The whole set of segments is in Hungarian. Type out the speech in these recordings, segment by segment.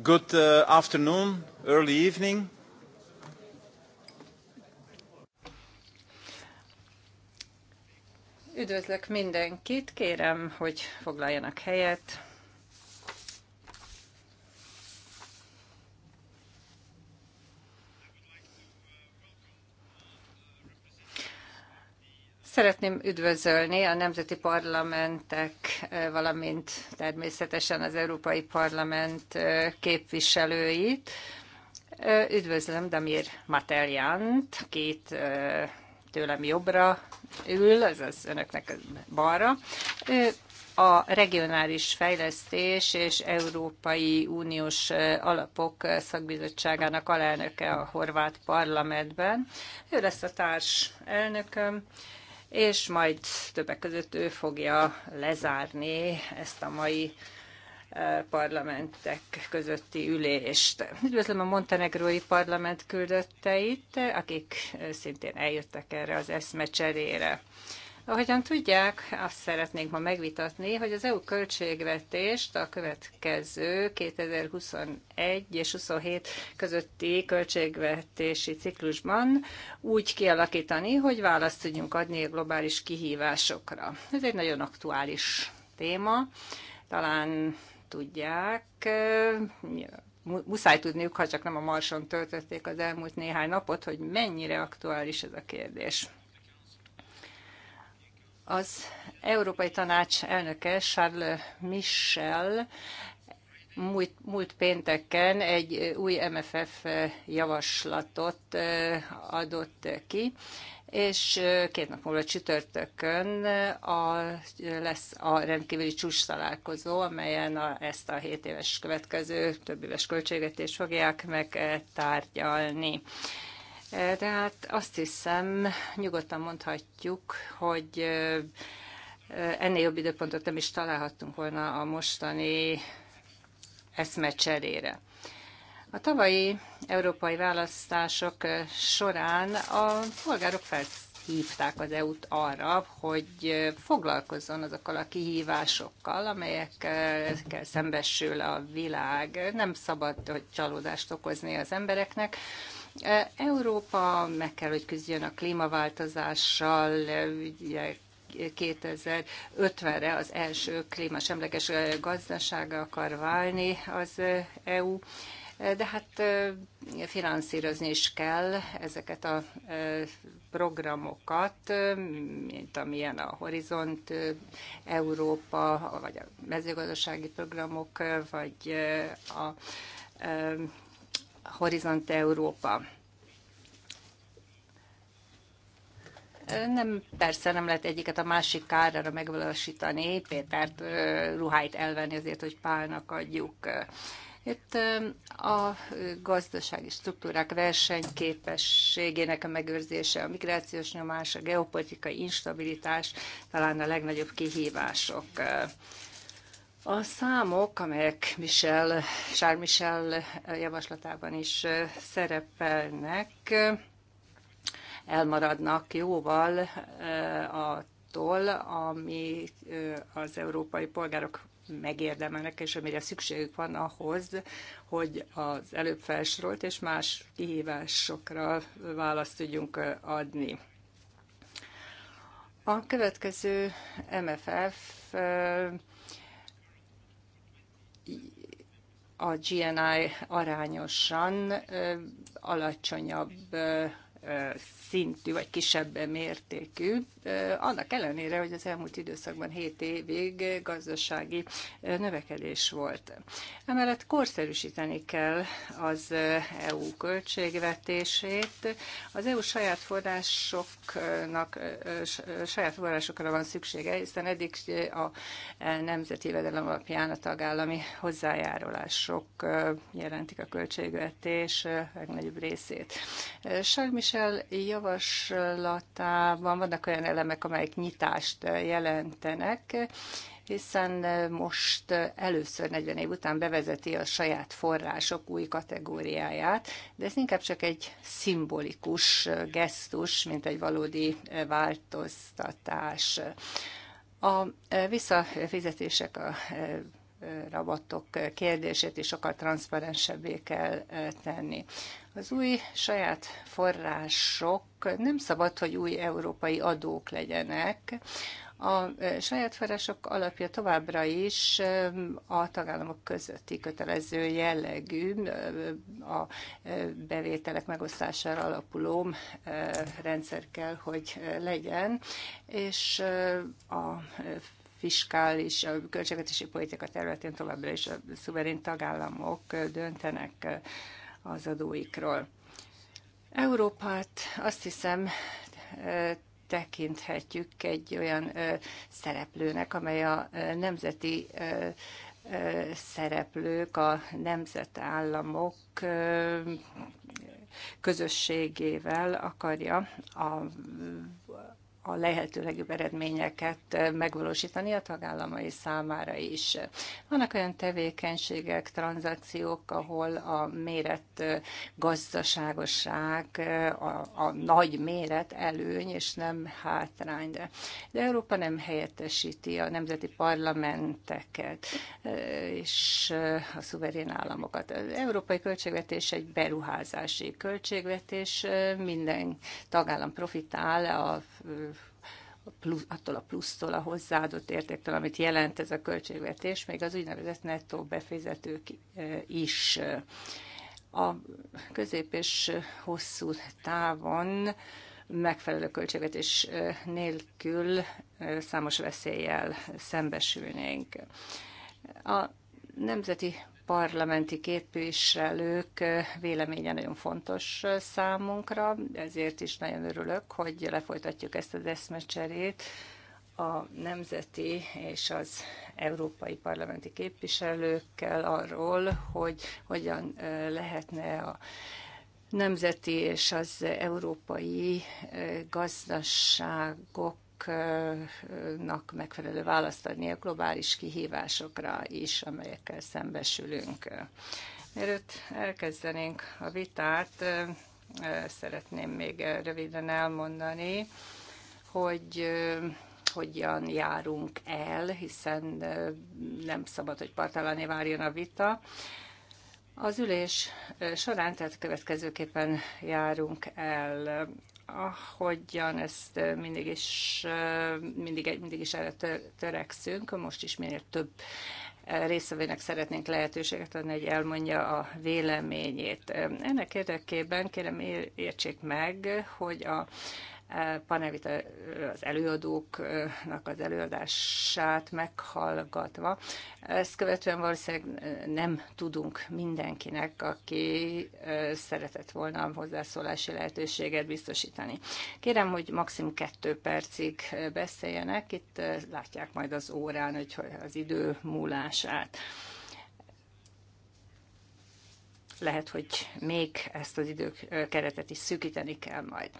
Good uh, afternoon, early evening. Üdvözlök mindenkit, kérem, hogy foglaljanak helyet. Szeretném üdvözölni a nemzeti parlamentek, eh, valamint természetesen az Európai Parlament eh, képviselőit. Eh, üdvözlöm Damir Mateljánt, két tőlem jobbra ül, ez az önöknek balra. Ő a regionális fejlesztés és Európai Uniós alapok szakbizottságának alelnöke a horvát parlamentben. Ő lesz a társ elnököm, és majd többek között ő fogja lezárni ezt a mai e, parlamentek közötti ülést. Üdvözlöm a montenegrói parlament küldötteit, akik szintén eljöttek erre az eszmecserére. Ahogyan tudják, azt szeretnénk ma megvitatni, hogy az EU költségvetést a következő 2021 és 27 közötti költségvetési ciklusban úgy kialakítani, hogy választ tudjunk adni a globális kihívásokra. Ez egy nagyon aktuális téma. Talán tudják, muszáj tudniuk, ha csak nem a Marson töltötték az elmúlt néhány napot, hogy mennyire aktuális ez a kérdés. Az Európai Tanács elnöke Charles Michel múlt, múlt pénteken egy új MFF javaslatot adott ki, és két nap múlva csütörtökön a, lesz a rendkívüli csúcs találkozó, amelyen a, ezt a 7 éves következő több éves fogják megtárgyalni. Tehát azt hiszem, nyugodtan mondhatjuk, hogy e, e, ennél jobb időpontot nem is találhattunk volna a mostani cserére. A tavalyi európai választások e, során a polgárok felhívták az EU-t arra, hogy foglalkozzon azokkal a kihívásokkal, amelyekkel szembesül a világ. Nem szabad hogy csalódást okozni az embereknek. E, Európa meg kell, hogy küzdjön a klímaváltozással, e, ugye 2050-re az első klímasemleges e, gazdasága akar válni az EU, de hát finanszírozni is kell ezeket a programokat, mint amilyen a Horizont Európa, vagy a mezőgazdasági programok, vagy a Horizont Európa. Nem, persze nem lehet egyiket a másik kárára megvalósítani, Pétert ruháit elvenni azért, hogy Pálnak adjuk. Itt a gazdasági struktúrák versenyképességének a megőrzése, a migrációs nyomás, a geopolitikai instabilitás talán a legnagyobb kihívások. A számok, amelyek Michel, Charles Michel javaslatában is szerepelnek, elmaradnak jóval attól, ami az európai polgárok megérdemelnek, és amire szükségük van ahhoz, hogy az előbb felsorolt és más kihívásokra választ tudjunk adni. A következő MFF a GNI arányosan alacsonyabb szintű vagy kisebb mértékű, annak ellenére, hogy az elmúlt időszakban 7 évig gazdasági növekedés volt. Emellett korszerűsíteni kell az EU költségvetését. Az EU saját forrásoknak, saját forrásokra van szüksége, hiszen eddig a nemzeti jövedelem alapján a tagállami hozzájárulások jelentik a költségvetés legnagyobb részét. Charles Michel javaslatában vannak olyan elemek, amelyek nyitást jelentenek, hiszen most először 40 év után bevezeti a saját források új kategóriáját, de ez inkább csak egy szimbolikus gesztus, mint egy valódi változtatás. A visszafizetések a rabatok kérdését is sokkal transzparensebbé kell tenni. Az új saját források nem szabad, hogy új európai adók legyenek. A e, saját források alapja továbbra is e, a tagállamok közötti kötelező jellegű, e, a bevételek megosztására alapuló rendszer kell, hogy legyen, és a fiskális, a költségvetési politika területén továbbra is a szuverén tagállamok döntenek az adóikról. Európát azt hiszem tekinthetjük egy olyan szereplőnek, amely a nemzeti szereplők, a nemzetállamok közösségével akarja a a lehető legjobb eredményeket eh, megvalósítani a tagállamai számára is. Vannak olyan tevékenységek, tranzakciók, ahol a méret eh, gazdaságosság, eh, a, a nagy méret előny és nem hátrány. De, de Európa nem helyettesíti a nemzeti parlamenteket és a szuverén államokat. Az európai költségvetés egy beruházási költségvetés, minden tagállam profitál a plusz, attól a plusztól, a hozzáadott értéktől, amit jelent ez a költségvetés, még az úgynevezett nettó befizetők eh, is. A közép és hosszú távon megfelelő költségvetés eh, nélkül eh, számos veszéllyel szembesülnénk. A nemzeti parlamenti képviselők véleménye nagyon fontos számunkra, ezért is nagyon örülök, hogy lefolytatjuk ezt az eszmecserét a nemzeti és az európai parlamenti képviselőkkel arról, hogy hogyan lehetne a nemzeti és az európai gazdaságok jogoknak megfelelő választ adni a globális kihívásokra is, amelyekkel szembesülünk. Mielőtt elkezdenénk a vitát, szeretném még röviden elmondani, hogy hogyan járunk el, hiszen nem szabad, hogy partalani várjon a vita. Az ülés során, tehát következőképpen járunk el ahogyan ezt mindig is, mindig, mindig is erre törekszünk, most is minél több részvevőnek szeretnénk lehetőséget adni, hogy elmondja a véleményét. Ennek érdekében kérem értsék meg, hogy a Panevita, az előadóknak az előadását meghallgatva. Ezt követően valószínűleg nem tudunk mindenkinek, aki szeretett volna a hozzászólási lehetőséget biztosítani. Kérem, hogy maximum kettő percig beszéljenek, itt látják majd az órán, hogy az idő múlását lehet, hogy még ezt az időkeretet is szűkíteni kell majd.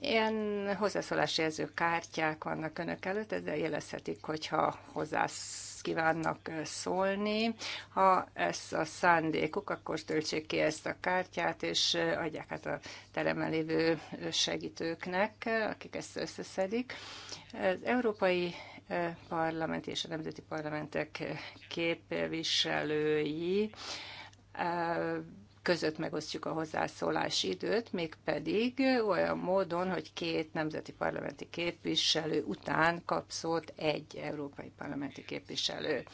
Ilyen hozzászólási kártyák vannak önök előtt, ezzel jelezhetik, hogyha hozzász kívánnak szólni. Ha ez a szándékuk, akkor töltsék ki ezt a kártyát, és adják át a teremben lévő segítőknek, akik ezt összeszedik. Az Európai Parlament és a Nemzeti Parlamentek képviselői között megosztjuk a hozzászólás időt, mégpedig olyan módon, hogy két nemzeti parlamenti képviselő után kap szót egy európai parlamenti képviselő.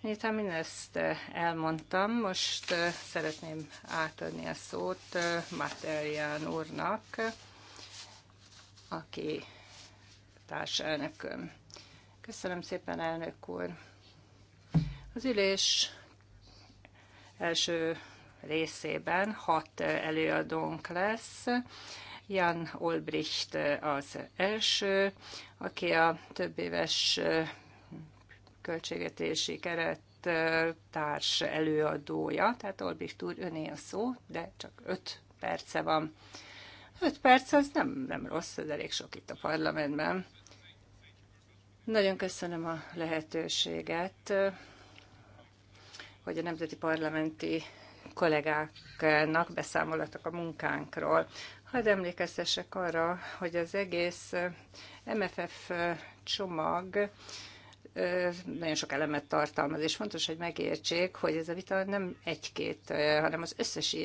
Miután mindezt eh, elmondtam, most eh, szeretném átadni a szót eh, Materián úrnak, aki társelnököm. Köszönöm szépen, elnök úr! Az ülés első részében hat előadónk lesz. Jan Olbricht az első, aki a több éves költségvetési keret társ előadója, tehát Olbricht úr öné a szó, de csak öt perce van. Öt perc az nem, nem rossz, ez elég sok itt a parlamentben. Nagyon köszönöm a lehetőséget, hogy a nemzeti parlamenti kollégáknak beszámolatok a munkánkról. Hadd emlékeztessek arra, hogy az egész eh, MFF eh, csomag eh, nagyon sok elemet tartalmaz, és fontos, hogy megértsék, hogy ez a vita nem egy-két, hanem az összes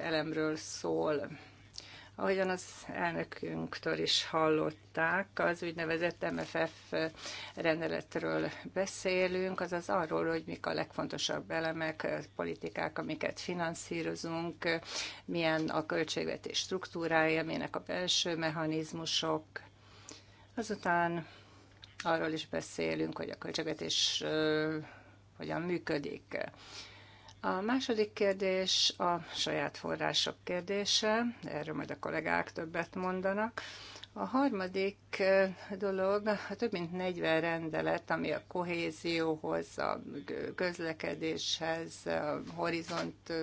elemről szól. Ahogyan az elnökünktől is hallották, az úgynevezett MFF rendeletről beszélünk, azaz arról, hogy mik a legfontosabb elemek, politikák, amiket finanszírozunk, milyen a költségvetés struktúrája, milyenek a belső mechanizmusok. Azután arról is beszélünk, hogy a költségvetés hogyan működik. A második kérdés a saját források kérdése, erről majd a kollégák többet mondanak. A harmadik eh, dolog, a több mint 40 rendelet, ami a kohézióhoz, a közlekedéshez, a horizont eh,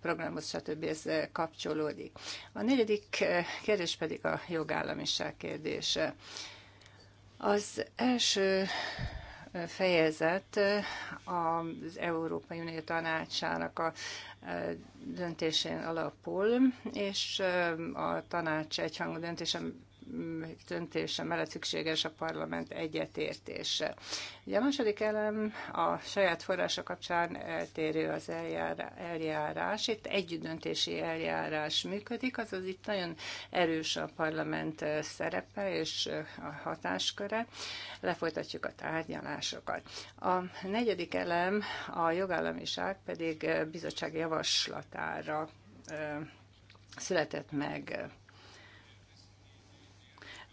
programhoz, stb. ez eh, kapcsolódik. A negyedik kérdés pedig a jogállamiság kérdése. Az első fejezet az Európai Unió Tanácsának a döntésén alapul, és a tanács egyhangú döntésen döntése mellett szükséges a parlament egyetértése. Ugye a második elem a saját forrása kapcsán eltérő az eljárás. Itt együttdöntési eljárás működik, azaz itt nagyon erős a parlament szerepe és a hatásköre. Lefolytatjuk a tárgyalásokat. A negyedik elem a jogállamiság pedig bizottság javaslatára született meg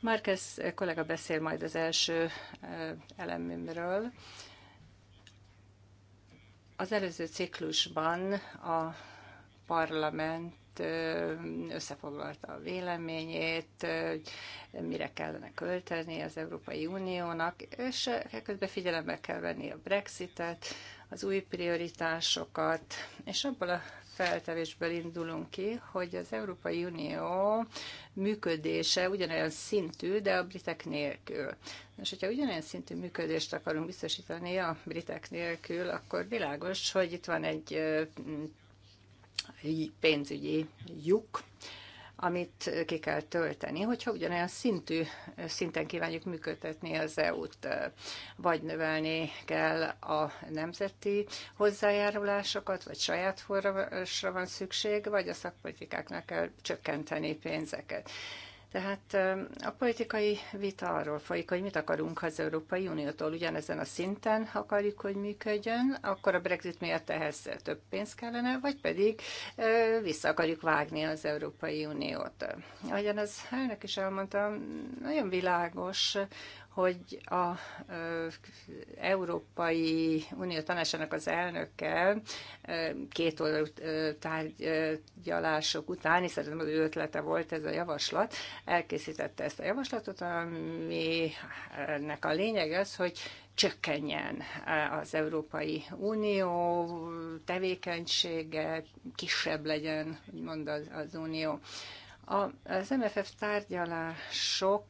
Márkez kollega beszél majd az első eh, elemről. Az előző ciklusban a parlament eh, összefoglalta a véleményét, eh, mire kellene költeni az Európai Uniónak, és közben figyelembe kell venni a Brexitet, az új prioritásokat, és abból a feltevésből indulunk ki, hogy az Európai Unió működése ugyanolyan szintű, de a britek nélkül. És hogyha ugyanolyan szintű működést akarunk biztosítani a britek nélkül, akkor világos, hogy itt van egy pénzügyi lyuk, amit ki kell tölteni, hogyha ugyanolyan szintű szinten kívánjuk működtetni az EU-t, vagy növelni kell a nemzeti hozzájárulásokat, vagy saját forrásra van szükség, vagy a szakpolitikáknak kell csökkenteni pénzeket. Tehát a politikai vita arról folyik, hogy mit akarunk az Európai Uniótól. Ugyanezen a szinten akarjuk, hogy működjön, akkor a Brexit miatt ehhez több pénz kellene, vagy pedig vissza akarjuk vágni az Európai Uniót. Ahogyan az elnök is elmondta, nagyon világos, hogy a Európai Unió tanácsának az elnöke két oldalú tárgyalások után, szerintem az ő ötlete volt ez a javaslat, elkészítette ezt a javaslatot, aminek a lényeg az, hogy csökkenjen az Európai Unió tevékenysége, kisebb legyen, úgymond az, az Unió. Az MFF tárgyalások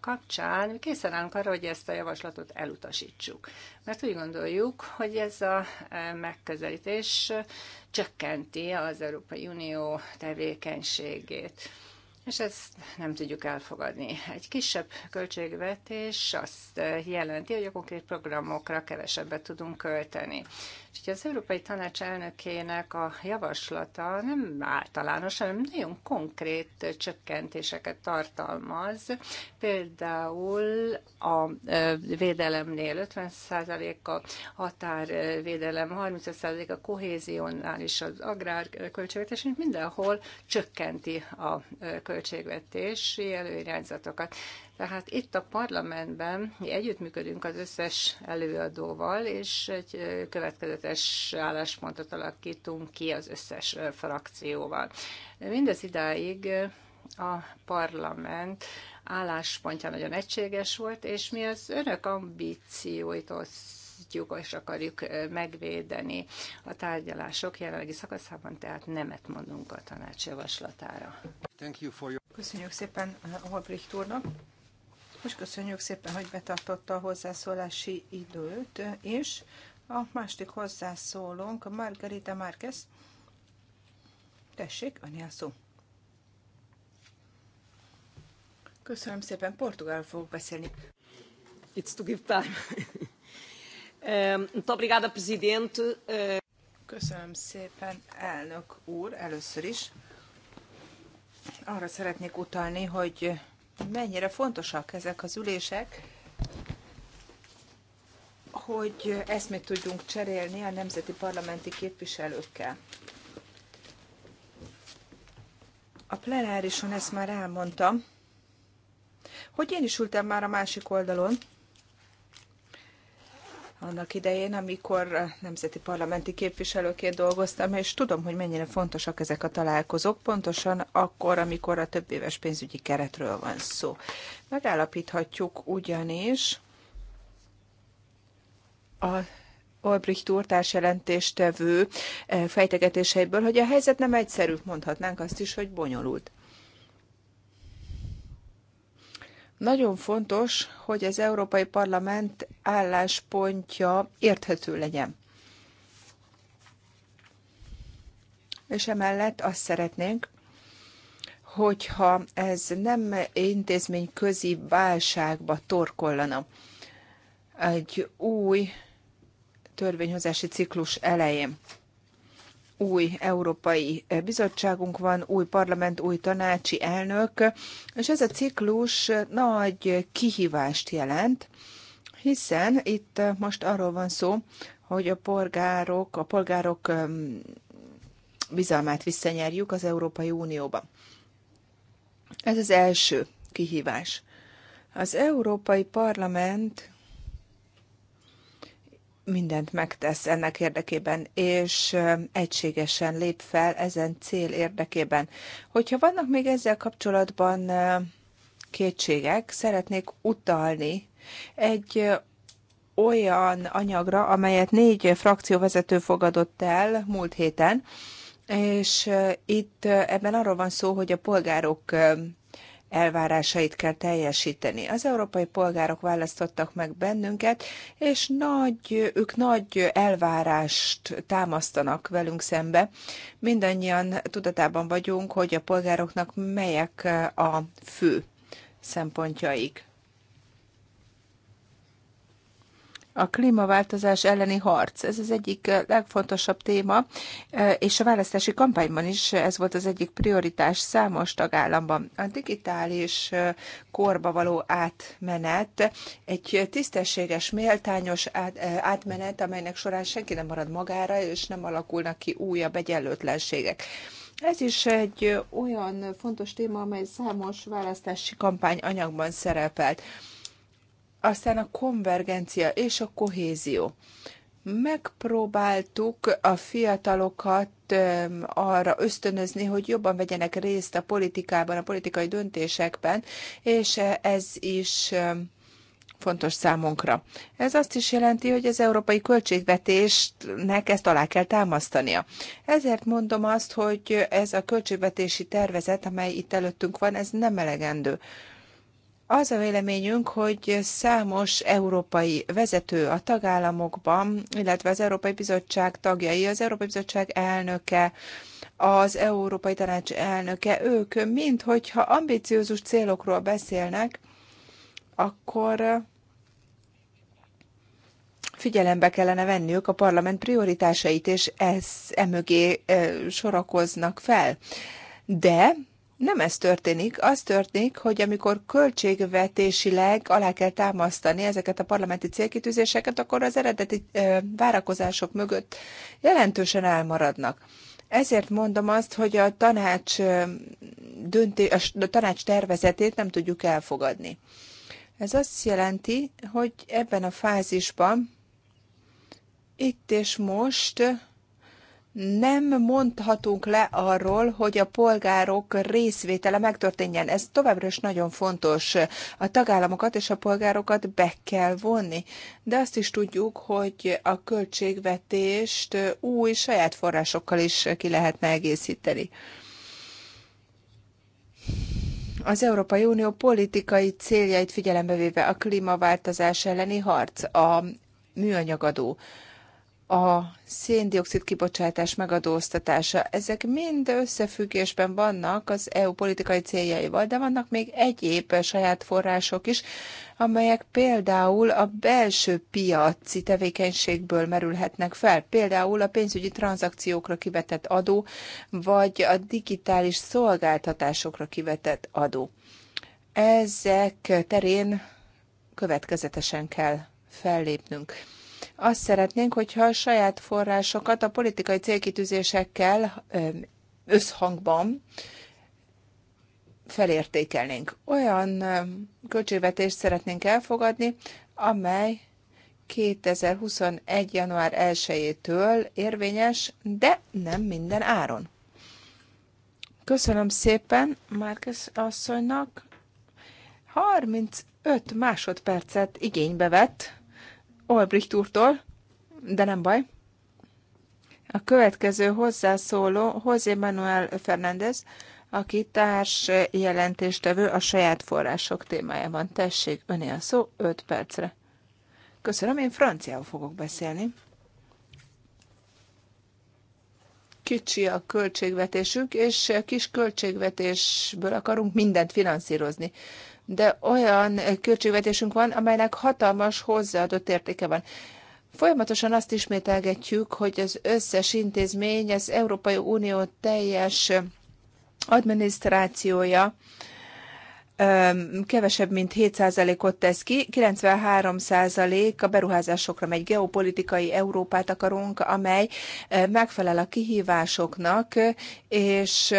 kapcsán készen állunk arra, hogy ezt a javaslatot elutasítsuk. Mert úgy gondoljuk, hogy ez a megközelítés csökkenti az Európai Unió tevékenységét. És ezt nem tudjuk elfogadni. Egy kisebb költségvetés azt jelenti, hogy a konkrét programokra kevesebbet tudunk költeni. És ugye az Európai Tanács elnökének a javaslata nem általános, hanem nagyon konkrét csökkentéseket tartalmaz. Például a védelemnél 50% a határvédelem, 35% a kohéziónál is az agrárköltségvetés, mindenhol csökkenti a költségvetési előirányzatokat. Tehát itt a parlamentben mi együttműködünk az összes előadóval, és egy következetes álláspontot alakítunk ki az összes frakcióval. Mindez idáig a parlament álláspontja nagyon egységes volt, és mi az önök ambícióit osztjuk és akarjuk megvédeni a tárgyalások jelenlegi szakaszában, tehát nemet mondunk a tanács javaslatára. Köszönjük szépen Albrecht úrnak és köszönjük szépen, hogy betartotta a hozzászólási időt, és a második hozzászólónk, Margarita Márquez. Tessék, önél szó. Köszönöm szépen, portugál fogok beszélni. It's to give time. Ehm, muito obrigada, presidente. Eh, Köszönöm szépen, elnök úr, először is. Arra szeretnék utalni, hogy mennyire fontosak ezek az ülések, hogy eszmét tudjunk cserélni a nemzeti parlamenti képviselőkkel. A plenárison ezt már elmondtam, hogy én is ültem már a másik oldalon, annak idején, amikor nemzeti parlamenti képviselőként dolgoztam, és tudom, hogy mennyire fontosak ezek a találkozók, pontosan akkor, amikor a több éves pénzügyi keretről van szó. Megállapíthatjuk ugyanis a Olbricht úr társjelentéstevő eh, fejtegetéseiből, hogy a helyzet nem egyszerű, mondhatnánk azt is, hogy bonyolult. Nagyon fontos, hogy az Európai Parlament álláspontja érthető legyen. És emellett azt szeretnénk, hogyha ez nem intézményközi válságba torkollana egy új törvényhozási ciklus elején új Európai Bizottságunk van, új parlament, új tanácsi elnök, és ez a ciklus nagy kihívást jelent, hiszen itt most arról van szó, hogy a polgárok, a polgárok um, bizalmát visszanyerjük az Európai Unióba. Ez az első kihívás. Az Európai Parlament mindent megtesz ennek érdekében, és egységesen lép fel ezen cél érdekében. Hogyha vannak még ezzel kapcsolatban kétségek, szeretnék utalni egy olyan anyagra, amelyet négy frakcióvezető fogadott el múlt héten, és itt ebben arról van szó, hogy a polgárok elvárásait kell teljesíteni. Az európai polgárok választottak meg bennünket, és nagy, ők nagy elvárást támasztanak velünk szembe. Mindannyian tudatában vagyunk, hogy a polgároknak melyek a fő szempontjaik. a klímaváltozás elleni harc. Ez az egyik legfontosabb téma, és a választási kampányban is ez volt az egyik prioritás számos tagállamban. A digitális korba való átmenet egy tisztességes, méltányos átmenet, amelynek során senki nem marad magára, és nem alakulnak ki újabb egyenlőtlenségek. Ez is egy olyan fontos téma, amely számos választási kampány anyagban szerepelt. Aztán a konvergencia és a kohézió. Megpróbáltuk a fiatalokat arra ösztönözni, hogy jobban vegyenek részt a politikában, a politikai döntésekben, és ez is fontos számunkra. Ez azt is jelenti, hogy az európai költségvetésnek ezt alá kell támasztania. Ezért mondom azt, hogy ez a költségvetési tervezet, amely itt előttünk van, ez nem elegendő. Az a véleményünk, hogy számos európai vezető a tagállamokban, illetve az Európai Bizottság tagjai, az Európai Bizottság elnöke, az Európai Tanács elnöke, ők mind, hogyha ambiciózus célokról beszélnek, akkor figyelembe kellene venniük a parlament prioritásait, és ez emögé sorakoznak fel. De nem ez történik, az történik, hogy amikor költségvetésileg alá kell támasztani ezeket a parlamenti célkitűzéseket, akkor az eredeti várakozások mögött jelentősen elmaradnak. Ezért mondom azt, hogy a tanács, dönté, a tanács tervezetét nem tudjuk elfogadni. Ez azt jelenti, hogy ebben a fázisban, itt és most nem mondhatunk le arról, hogy a polgárok részvétele megtörténjen. Ez továbbra is nagyon fontos. A tagállamokat és a polgárokat be kell vonni. De azt is tudjuk, hogy a költségvetést új saját forrásokkal is ki lehetne egészíteni. Az Európai Unió politikai céljait figyelembe véve a klímaváltozás elleni harc, a műanyagadó, a széndiokszid kibocsátás megadóztatása. Ezek mind összefüggésben vannak az EU politikai céljaival, de vannak még egyéb saját források is, amelyek például a belső piaci tevékenységből merülhetnek fel, például a pénzügyi tranzakciókra kivetett adó, vagy a digitális szolgáltatásokra kivetett adó. Ezek terén következetesen kell fellépnünk. Azt szeretnénk, hogyha a saját forrásokat a politikai célkitűzésekkel összhangban felértékelnénk. Olyan költségvetést szeretnénk elfogadni, amely 2021. január 1-től érvényes, de nem minden áron. Köszönöm szépen Márkesz asszonynak. 35 másodpercet igénybe vett. Olbricht úrtól, de nem baj. A következő hozzászóló José Manuel Fernández, aki társ jelentéstevő a saját források témájában. Tessék, öné a szó 5 percre. Köszönöm, én franciául fogok beszélni. Kicsi a költségvetésünk és kis költségvetésből akarunk mindent finanszírozni de olyan költségvetésünk van, amelynek hatalmas hozzáadott értéke van. Folyamatosan azt ismételgetjük, hogy az összes intézmény, az Európai Unió teljes adminisztrációja kevesebb, mint 7%-ot tesz ki, 93% a beruházásokra megy. Geopolitikai Európát akarunk, amely megfelel a kihívásoknak, és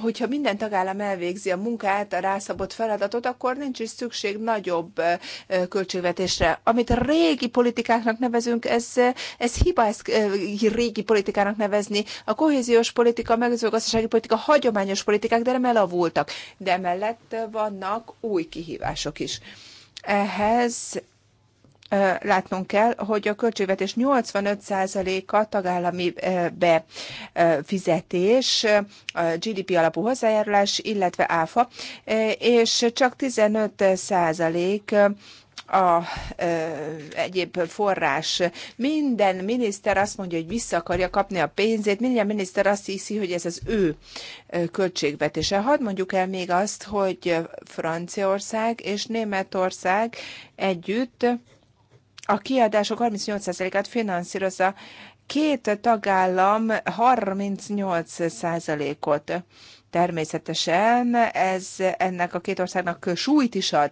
hogyha minden tagállam elvégzi a munkát, a rászabott feladatot, akkor nincs is szükség nagyobb költségvetésre. Amit a régi politikáknak nevezünk, ez, ez hiba, ezt régi politikának nevezni. A kohéziós politika, a mezőgazdasági politika, hagyományos politikák, de nem elavultak. De mellett vannak új kihívások is. Ehhez látnunk kell, hogy a költségvetés 85%-a tagállami befizetés, GDP alapú hozzájárulás, illetve áfa, és csak 15% a ö, egyéb forrás. Minden miniszter azt mondja, hogy vissza akarja kapni a pénzét, minden miniszter azt hiszi, hogy ez az ő költségvetése. Hadd mondjuk el még azt, hogy Franciaország és Németország együtt a kiadások 38%-át finanszírozza, két tagállam 38%-ot. Természetesen ez ennek a két országnak súlyt is ad.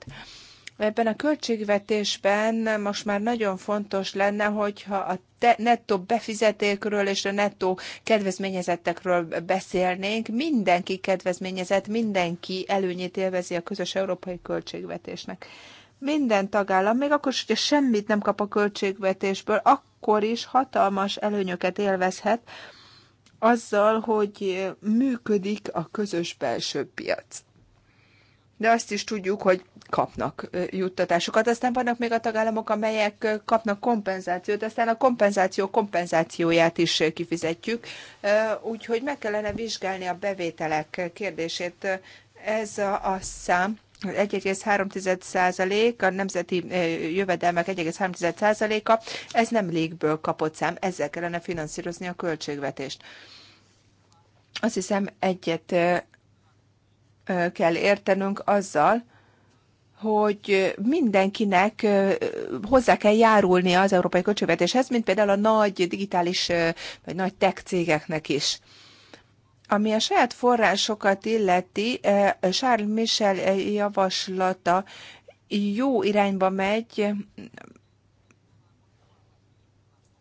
Ebben a költségvetésben most már nagyon fontos lenne, hogyha a nettó befizetékről és a nettó kedvezményezettekről beszélnénk. Mindenki kedvezményezett, mindenki előnyét élvezi a közös európai költségvetésnek minden tagállam, még akkor is, hogyha semmit nem kap a költségvetésből, akkor is hatalmas előnyöket élvezhet azzal, hogy működik a közös belső piac. De azt is tudjuk, hogy kapnak juttatásokat. Aztán vannak még a tagállamok, amelyek kapnak kompenzációt, aztán a kompenzáció kompenzációját is kifizetjük. Úgyhogy meg kellene vizsgálni a bevételek kérdését. Ez a, a szám 1,3% a nemzeti jövedelmek 1,3%-a, ez nem légből kapott szám, ezzel kellene finanszírozni a költségvetést. Azt hiszem egyet kell értenünk azzal, hogy mindenkinek hozzá kell járulnia az európai költségvetéshez, mint például a nagy digitális vagy nagy tech cégeknek is. Ami a saját forrásokat illeti, eh, Charles Michel eh, javaslata jó irányba megy,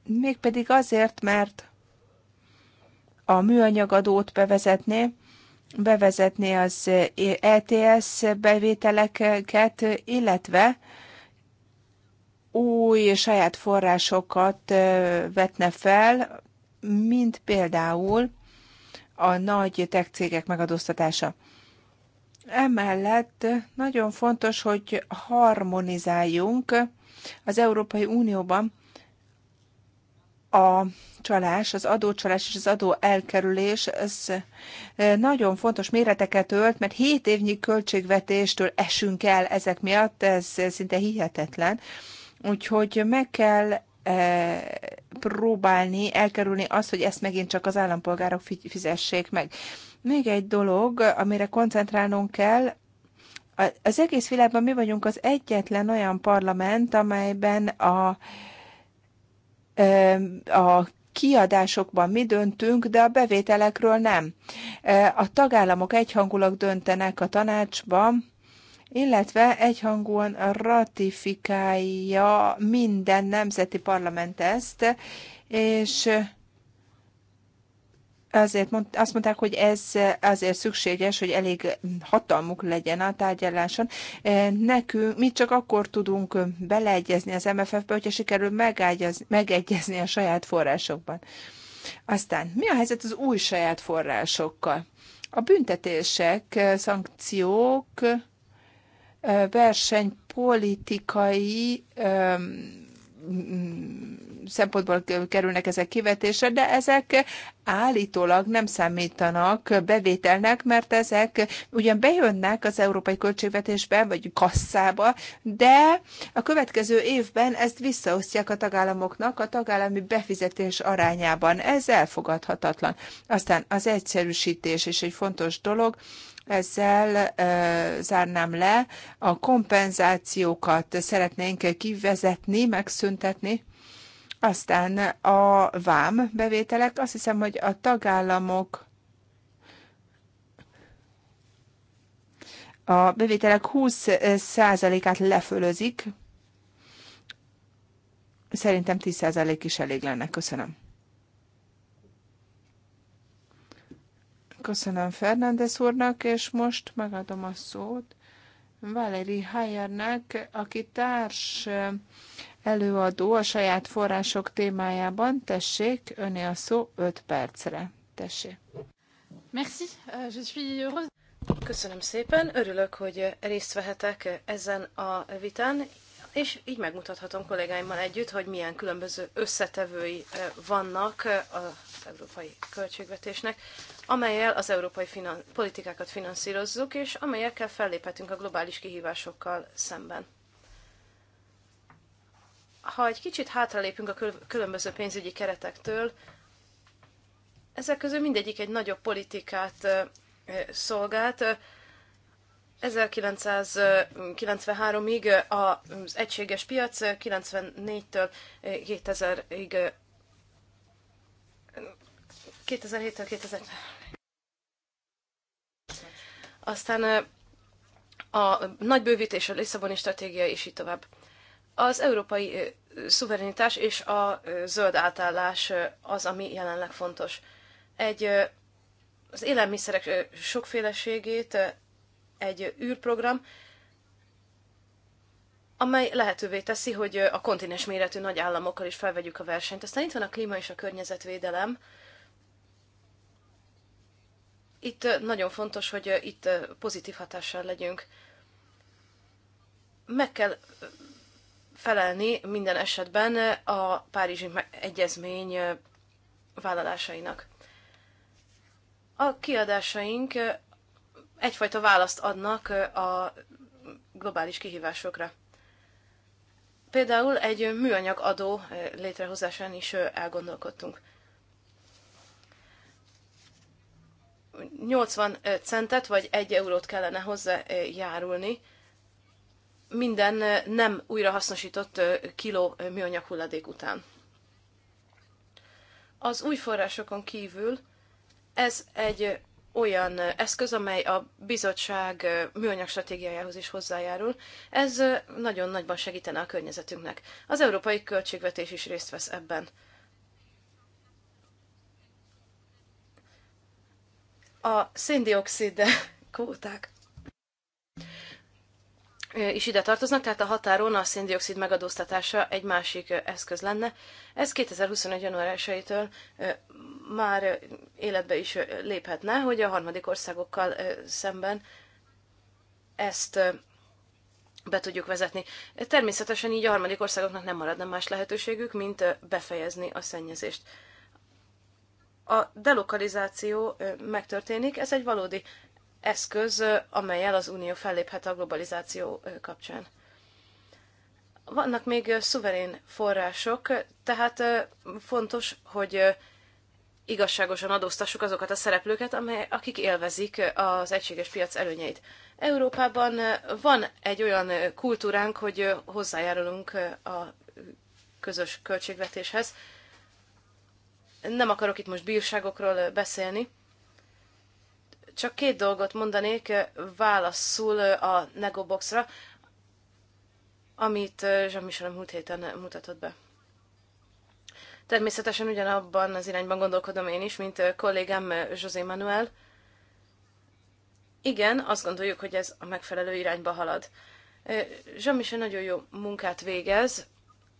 mégpedig azért, mert a műanyagadót bevezetné, bevezetné az ETS eh, e bevételeket, illetve új saját forrásokat vetne fel, mint például a nagy tech cégek megadóztatása. Emellett nagyon fontos, hogy harmonizáljunk az Európai Unióban a csalás, az adócsalás és az adó elkerülés, ez e, nagyon fontos méreteket ölt, mert 7 évnyi költségvetéstől esünk el ezek miatt, ez szinte hihetetlen. Úgyhogy meg kell próbálni elkerülni azt, hogy ezt megint csak az állampolgárok fizessék meg. Még egy dolog, amire koncentrálnunk kell, az egész világban mi vagyunk az egyetlen olyan parlament, amelyben a, a kiadásokban mi döntünk, de a bevételekről nem. A tagállamok egyhangulag döntenek a tanácsban, illetve egyhangúan ratifikálja minden nemzeti parlament ezt, és azért mond, azt mondták, hogy ez azért szükséges, hogy elég hatalmuk legyen a tárgyaláson. Nekünk, mi csak akkor tudunk beleegyezni az MFF-be, hogyha sikerül megegyezni a saját forrásokban. Aztán mi a helyzet az új saját forrásokkal? A büntetések, szankciók, versenypolitikai szempontból kerülnek ezek kivetésre, de ezek állítólag nem számítanak bevételnek, mert ezek ugyan bejönnek az európai költségvetésbe, vagy kasszába, de a következő évben ezt visszaosztják a tagállamoknak a tagállami befizetés arányában. Ez elfogadhatatlan. Aztán az egyszerűsítés is egy fontos dolog, ezzel e, zárnám le. A kompenzációkat szeretnénk kivezetni, megszüntetni. Aztán a vám bevételek, azt hiszem, hogy a tagállamok a bevételek 20%-át lefölözik. Szerintem 10% is elég lenne. Köszönöm. Köszönöm Fernández úrnak, és most megadom a szót Valeri Hayernek, aki társ előadó a saját források témájában. Tessék, öné a szó 5 percre. Tessék. Merci, euh, je suis heureuse. Köszönöm szépen, örülök, hogy részt vehetek ezen a vitán, és így megmutathatom kollégáimmal együtt, hogy milyen különböző összetevői vannak az európai költségvetésnek, amelyel az európai finan- politikákat finanszírozzuk, és amelyekkel felléphetünk a globális kihívásokkal szemben ha egy kicsit hátralépünk a különböző pénzügyi keretektől, ezek közül mindegyik egy nagyobb politikát szolgált. 1993-ig az egységes piac, 94-től 2000-ig 2007-től 2000 Aztán a nagy bővítés, a Lisszaboni stratégia, és így tovább. Az európai szuverenitás és a zöld átállás az, ami jelenleg fontos. Egy az élelmiszerek sokféleségét egy űrprogram, amely lehetővé teszi, hogy a kontinens méretű nagy államokkal is felvegyük a versenyt. Aztán itt van a klíma és a környezetvédelem. Itt nagyon fontos, hogy itt pozitív hatással legyünk. Meg kell felelni minden esetben a Párizsi Egyezmény vállalásainak. A kiadásaink egyfajta választ adnak a globális kihívásokra. Például egy műanyag adó létrehozásán is elgondolkodtunk. 80 centet vagy 1 eurót kellene hozzájárulni minden nem újrahasznosított kiló műanyag hulladék után. Az új forrásokon kívül ez egy olyan eszköz, amely a bizottság műanyag stratégiájához is hozzájárul. Ez nagyon nagyban segítene a környezetünknek. Az európai költségvetés is részt vesz ebben. A széndiokszid kvóták is ide tartoznak, tehát a határon a széndiokszid megadóztatása egy másik eszköz lenne. Ez 2021. január 1-től már életbe is léphetne, hogy a harmadik országokkal szemben ezt be tudjuk vezetni. Természetesen így a harmadik országoknak nem maradna más lehetőségük, mint befejezni a szennyezést. A delokalizáció megtörténik, ez egy valódi eszköz, amelyel az Unió felléphet a globalizáció kapcsán. Vannak még szuverén források, tehát fontos, hogy igazságosan adóztassuk azokat a szereplőket, amely, akik élvezik az egységes piac előnyeit. Európában van egy olyan kultúránk, hogy hozzájárulunk a közös költségvetéshez. Nem akarok itt most bírságokról beszélni, csak két dolgot mondanék válaszul a Negoboxra, amit jean a múlt héten mutatott be. Természetesen ugyanabban az irányban gondolkodom én is, mint kollégám José Manuel. Igen, azt gondoljuk, hogy ez a megfelelő irányba halad. jean nagyon jó munkát végez,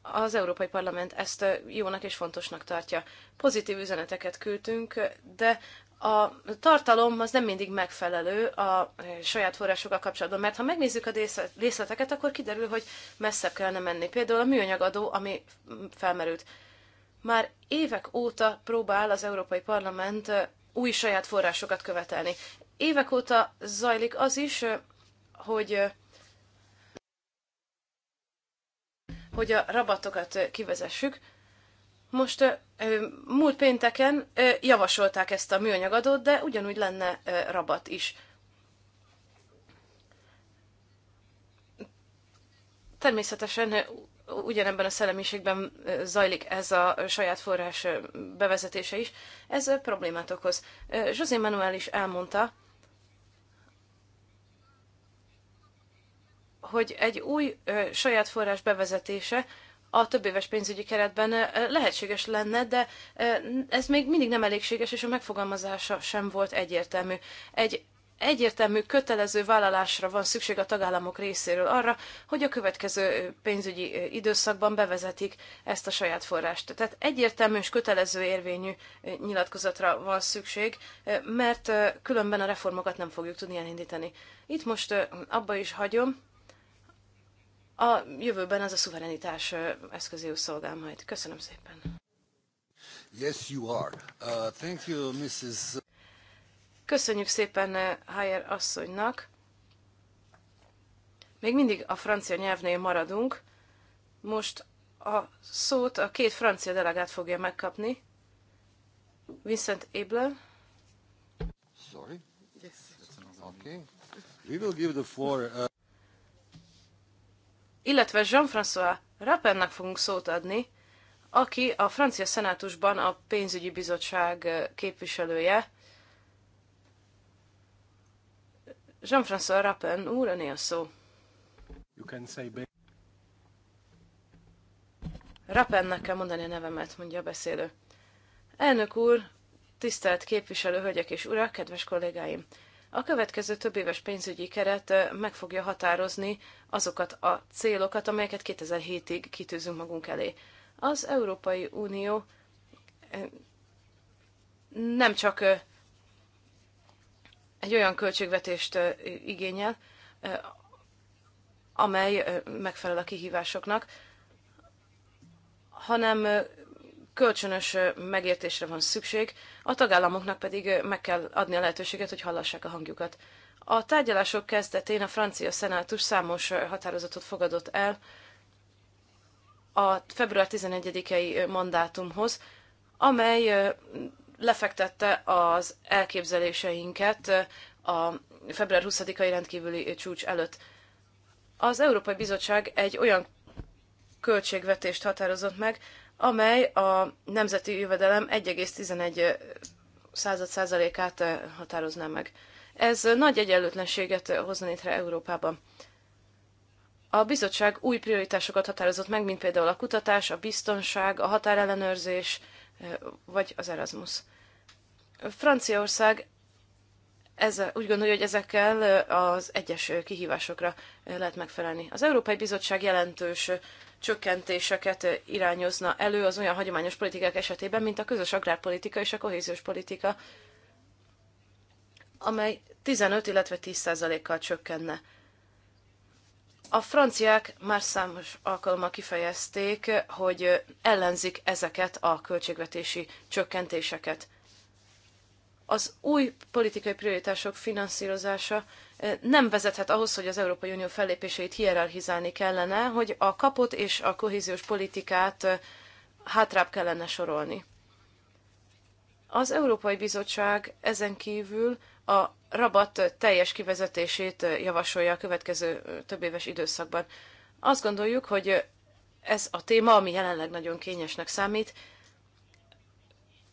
az Európai Parlament ezt jónak és fontosnak tartja. Pozitív üzeneteket küldtünk, de a tartalom az nem mindig megfelelő a e, saját forrásokkal kapcsolatban, mert ha megnézzük a részleteket, akkor kiderül, hogy messzebb kellene menni. Például a műanyagadó, ami felmerült. Már évek óta próbál az Európai Parlament e, új saját forrásokat követelni. Évek óta zajlik az is, e, hogy hogy a rabatokat kivezessük, most múlt pénteken javasolták ezt a műanyagadót, de ugyanúgy lenne rabat is. Természetesen ugyanebben a szellemiségben zajlik ez a saját forrás bevezetése is. Ez problémát okoz. José Manuel is elmondta, hogy egy új saját forrás bevezetése a több éves pénzügyi keretben lehetséges lenne, de ez még mindig nem elégséges, és a megfogalmazása sem volt egyértelmű. Egy egyértelmű kötelező vállalásra van szükség a tagállamok részéről arra, hogy a következő pénzügyi időszakban bevezetik ezt a saját forrást. Tehát egyértelmű és kötelező érvényű nyilatkozatra van szükség, mert különben a reformokat nem fogjuk tudni elindítani. Itt most abba is hagyom, a jövőben az a szuverenitás eszközéül szolgál majd. Köszönöm szépen. Yes, you are. Uh, thank you, Mrs. Köszönjük szépen Hayer asszonynak. Még mindig a francia nyelvnél maradunk. Most a szót a két francia delegát fogja megkapni. Vincent Eble. Sorry. Yes. Okay. We will give the floor. Uh illetve Jean-François Rappennak fogunk szót adni, aki a francia szenátusban a pénzügyi bizottság képviselője. Jean-François Rappen úr, a szó. You can say Rappennek kell mondani a nevemet, mondja a beszélő. Elnök úr, tisztelt képviselő, hölgyek és urak, kedves kollégáim! A következő több éves pénzügyi keret meg fogja határozni azokat a célokat, amelyeket 2007-ig kitűzünk magunk elé. Az Európai Unió nem csak egy olyan költségvetést igényel, amely megfelel a kihívásoknak, hanem kölcsönös megértésre van szükség, a tagállamoknak pedig meg kell adni a lehetőséget, hogy hallassák a hangjukat. A tárgyalások kezdetén a francia szenátus számos határozatot fogadott el a február 11-i mandátumhoz, amely lefektette az elképzeléseinket a február 20-ai rendkívüli csúcs előtt. Az Európai Bizottság egy olyan költségvetést határozott meg, amely a nemzeti jövedelem 1,11 század százalékát eh, határozná meg. Ez nagy egyenlőtlenséget eh, hozna létre Európában. A bizottság új prioritásokat határozott meg, mint például a kutatás, a biztonság, a határellenőrzés eh, vagy az Erasmus. Franciaország ez, úgy gondolja, hogy ezekkel az egyes kihívásokra lehet megfelelni. Az Európai Bizottság jelentős csökkentéseket irányozna elő az olyan hagyományos politikák esetében, mint a közös agrárpolitika és a kohéziós politika, amely 15, illetve 10%-kal csökkenne. A franciák már számos alkalommal kifejezték, hogy ellenzik ezeket a költségvetési csökkentéseket az új politikai prioritások finanszírozása eh, nem vezethet ahhoz, hogy az Európai Unió fellépéseit hierarchizálni kellene, hogy a kapot és a kohéziós politikát eh, hátrább kellene sorolni. Az Európai Bizottság ezen kívül a rabat teljes kivezetését eh, javasolja a következő több éves időszakban. Azt gondoljuk, hogy ez a téma, ami jelenleg nagyon kényesnek számít,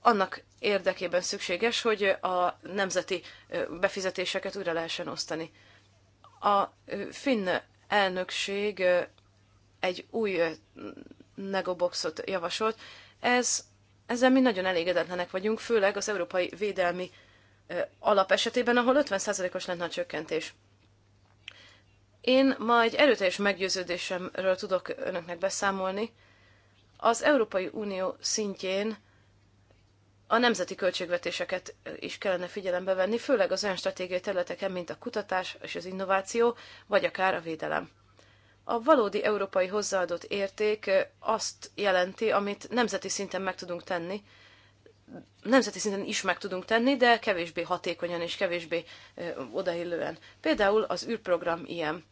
annak érdekében szükséges, hogy a nemzeti befizetéseket újra lehessen osztani. A finn elnökség egy új negoboxot javasolt. Ez, ezzel mi nagyon elégedetlenek vagyunk, főleg az európai védelmi alap esetében, ahol 50%-os lenne a csökkentés. Én ma egy erőteljes meggyőződésemről tudok önöknek beszámolni. Az Európai Unió szintjén a nemzeti költségvetéseket is kellene figyelembe venni, főleg az olyan stratégiai területeken, mint a kutatás és az innováció, vagy akár a védelem. A valódi európai hozzáadott érték azt jelenti, amit nemzeti szinten meg tudunk tenni, nemzeti szinten is meg tudunk tenni, de kevésbé hatékonyan és kevésbé odaillően. Például az űrprogram ilyen.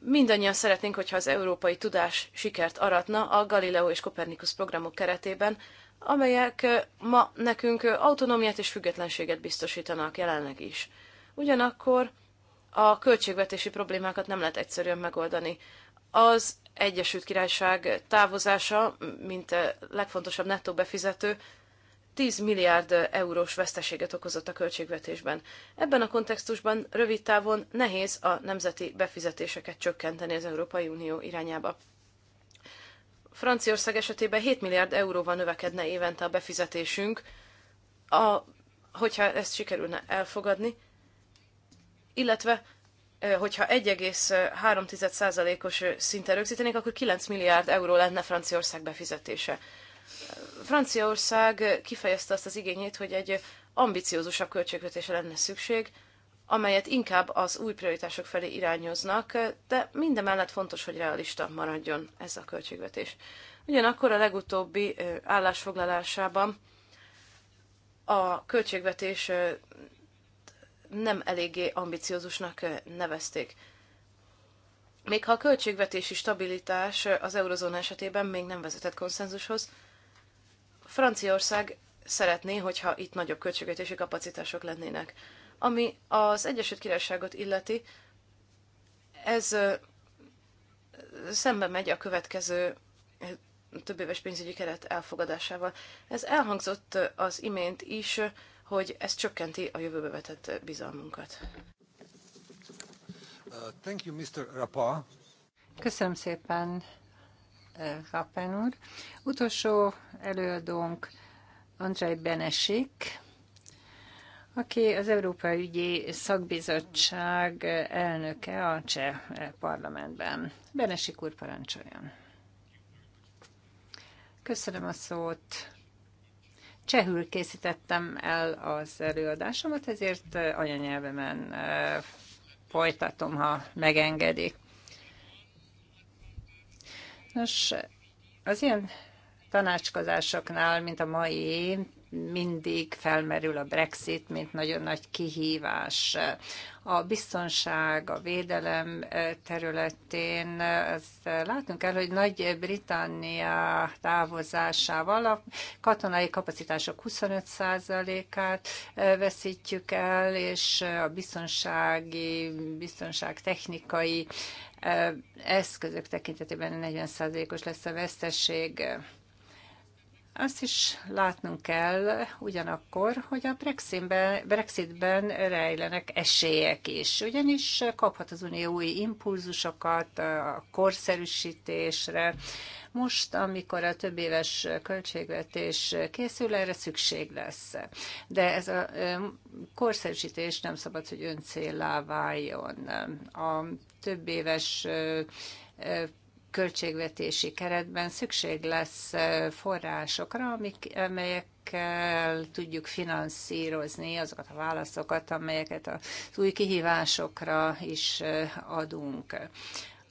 Mindannyian szeretnénk, hogyha az európai tudás sikert aratna a Galileo és Kopernikus programok keretében, amelyek ma nekünk autonómiát és függetlenséget biztosítanak jelenleg is. Ugyanakkor a költségvetési problémákat nem lehet egyszerűen megoldani. Az Egyesült Királyság távozása, mint legfontosabb nettó befizető, 10 milliárd eurós veszteséget okozott a költségvetésben. Ebben a kontextusban rövid távon nehéz a nemzeti befizetéseket csökkenteni az Európai Unió irányába. Franciaország esetében 7 milliárd euróval növekedne évente a befizetésünk, a, hogyha ezt sikerülne elfogadni, illetve hogyha 1,3%-os szinte rögzítenék, akkor 9 milliárd euró lenne Franciaország befizetése. Franciaország kifejezte azt az igényét, hogy egy ambiciózusabb költségvetése lenne szükség, amelyet inkább az új prioritások felé irányoznak, de mindemellett fontos, hogy realista maradjon ez a költségvetés. Ugyanakkor a legutóbbi állásfoglalásában a költségvetés nem eléggé ambiciózusnak nevezték. Még ha a költségvetési stabilitás az eurozóna esetében még nem vezetett konszenzushoz, Franciaország szeretné, hogyha itt nagyobb költségvetési kapacitások lennének. Ami az Egyesült Királyságot illeti, ez szembe megy a következő több éves pénzügyi keret elfogadásával. Ez elhangzott az imént is, hogy ez csökkenti a jövőbe vetett bizalmunkat. Uh, thank you, Mr. Rapa. Köszönöm szépen, Rapen úr. Utolsó előadónk Andrzej Benesik, aki az Európai Ügyi Szakbizottság elnöke a Cseh parlamentben. Benesik úr parancsoljon. Köszönöm a szót. Csehül készítettem el az előadásomat, ezért anyanyelvemen folytatom, ha megengedik. Nos, az ilyen tanácskozásoknál, mint a mai, mindig felmerül a Brexit, mint nagyon nagy kihívás. A biztonság, a védelem területén azt látunk el, hogy Nagy-Britannia távozásával a katonai kapacitások 25%-át eh, veszítjük el, és eh, a biztonsági, technikai eh, eszközök tekintetében 40%-os lesz a veszteség. Azt is látnunk kell ugyanakkor, hogy a Brexitben, Brexitben rejlenek esélyek is, ugyanis kaphat az Unió új impulzusokat a korszerűsítésre. Most, amikor a több éves költségvetés készül, erre szükség lesz. De ez a korszerűsítés nem szabad, hogy öncéllá váljon. A több éves költségvetési keretben szükség lesz forrásokra, amik, kell tudjuk finanszírozni azokat a válaszokat, amelyeket az új kihívásokra is adunk.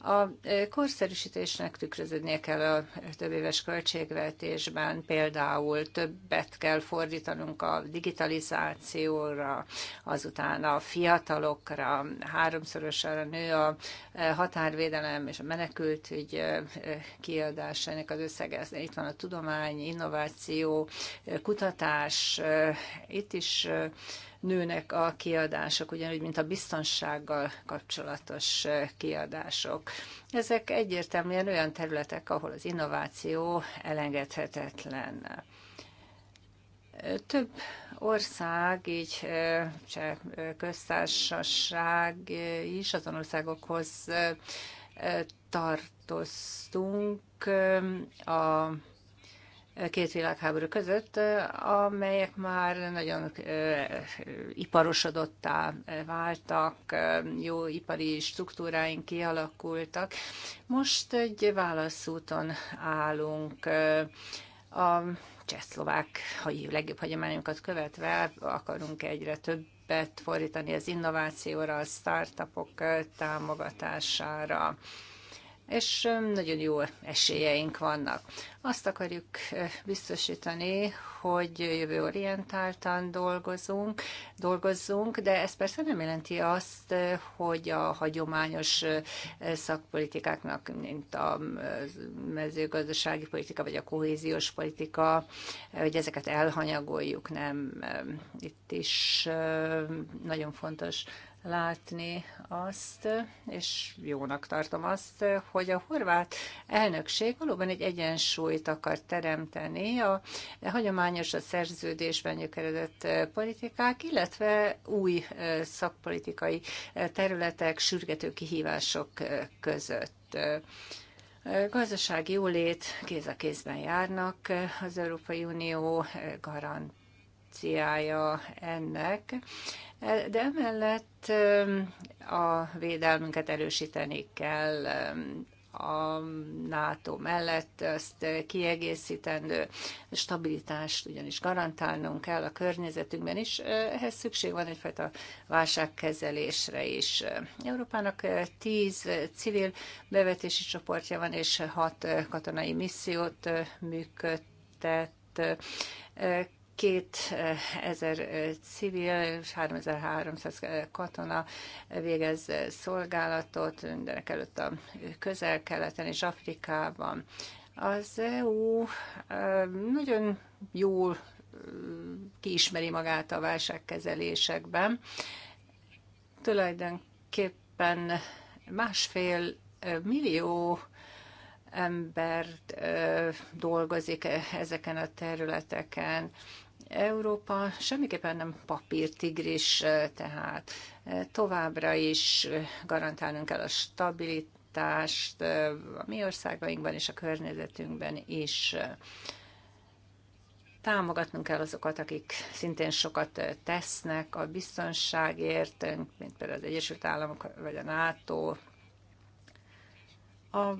A korszerűsítésnek tükröződnie kell a több éves költségvetésben, például többet kell fordítanunk a digitalizációra, azután a fiatalokra, háromszorosára nő a határvédelem és a menekültügy kiadásának az összege. Itt van a tudomány, innováció, kutatás, itt is nőnek a kiadások, ugyanúgy, mint a biztonsággal kapcsolatos eh, kiadások. Ezek egyértelműen olyan területek, ahol az innováció elengedhetetlen. Több ország, így eh, cseh eh, köztársaság is azon országokhoz tartoztunk a két világháború között, amelyek már nagyon iparosodottá váltak, jó ipari struktúráink kialakultak. Most egy válaszúton állunk. A csehszlovák legjobb hagyományokat követve akarunk egyre több fordítani az innovációra, a startupok támogatására és nagyon jó esélyeink vannak. Azt akarjuk biztosítani, hogy jövő orientáltan dolgozunk, dolgozzunk, de ez persze nem jelenti azt, hogy a hagyományos szakpolitikáknak, mint a mezőgazdasági politika, vagy a kohéziós politika, hogy ezeket elhanyagoljuk, nem. Itt is nagyon fontos látni azt, és jónak tartom azt, hogy a horvát elnökség valóban egy egyensúlyt akar teremteni a hagyományos a szerződésben gyökeredett politikák, illetve új szakpolitikai területek, sürgető kihívások között gazdasági jólét kéz a kézben járnak, az Európai Unió garant garanciája ennek, de emellett a védelmünket erősíteni kell a NATO mellett, ezt kiegészítendő stabilitást ugyanis garantálnunk kell a környezetünkben is, ehhez szükség van egyfajta válságkezelésre is. Európának tíz civil bevetési csoportja van, és hat katonai missziót működtet két ezer civil és 3300 katona végez szolgálatot, mindenek előtt a közel-keleten és Afrikában. Az EU nagyon jól kiismeri magát a válságkezelésekben. Tulajdonképpen másfél millió ember dolgozik e, ezeken a területeken. Európa semmiképpen nem papírtigris, tehát továbbra is garantálnunk kell a stabilitást a mi országainkban és a környezetünkben is. Támogatnunk kell azokat, akik szintén sokat tesznek a biztonságért, mint például az Egyesült Államok vagy a NATO. A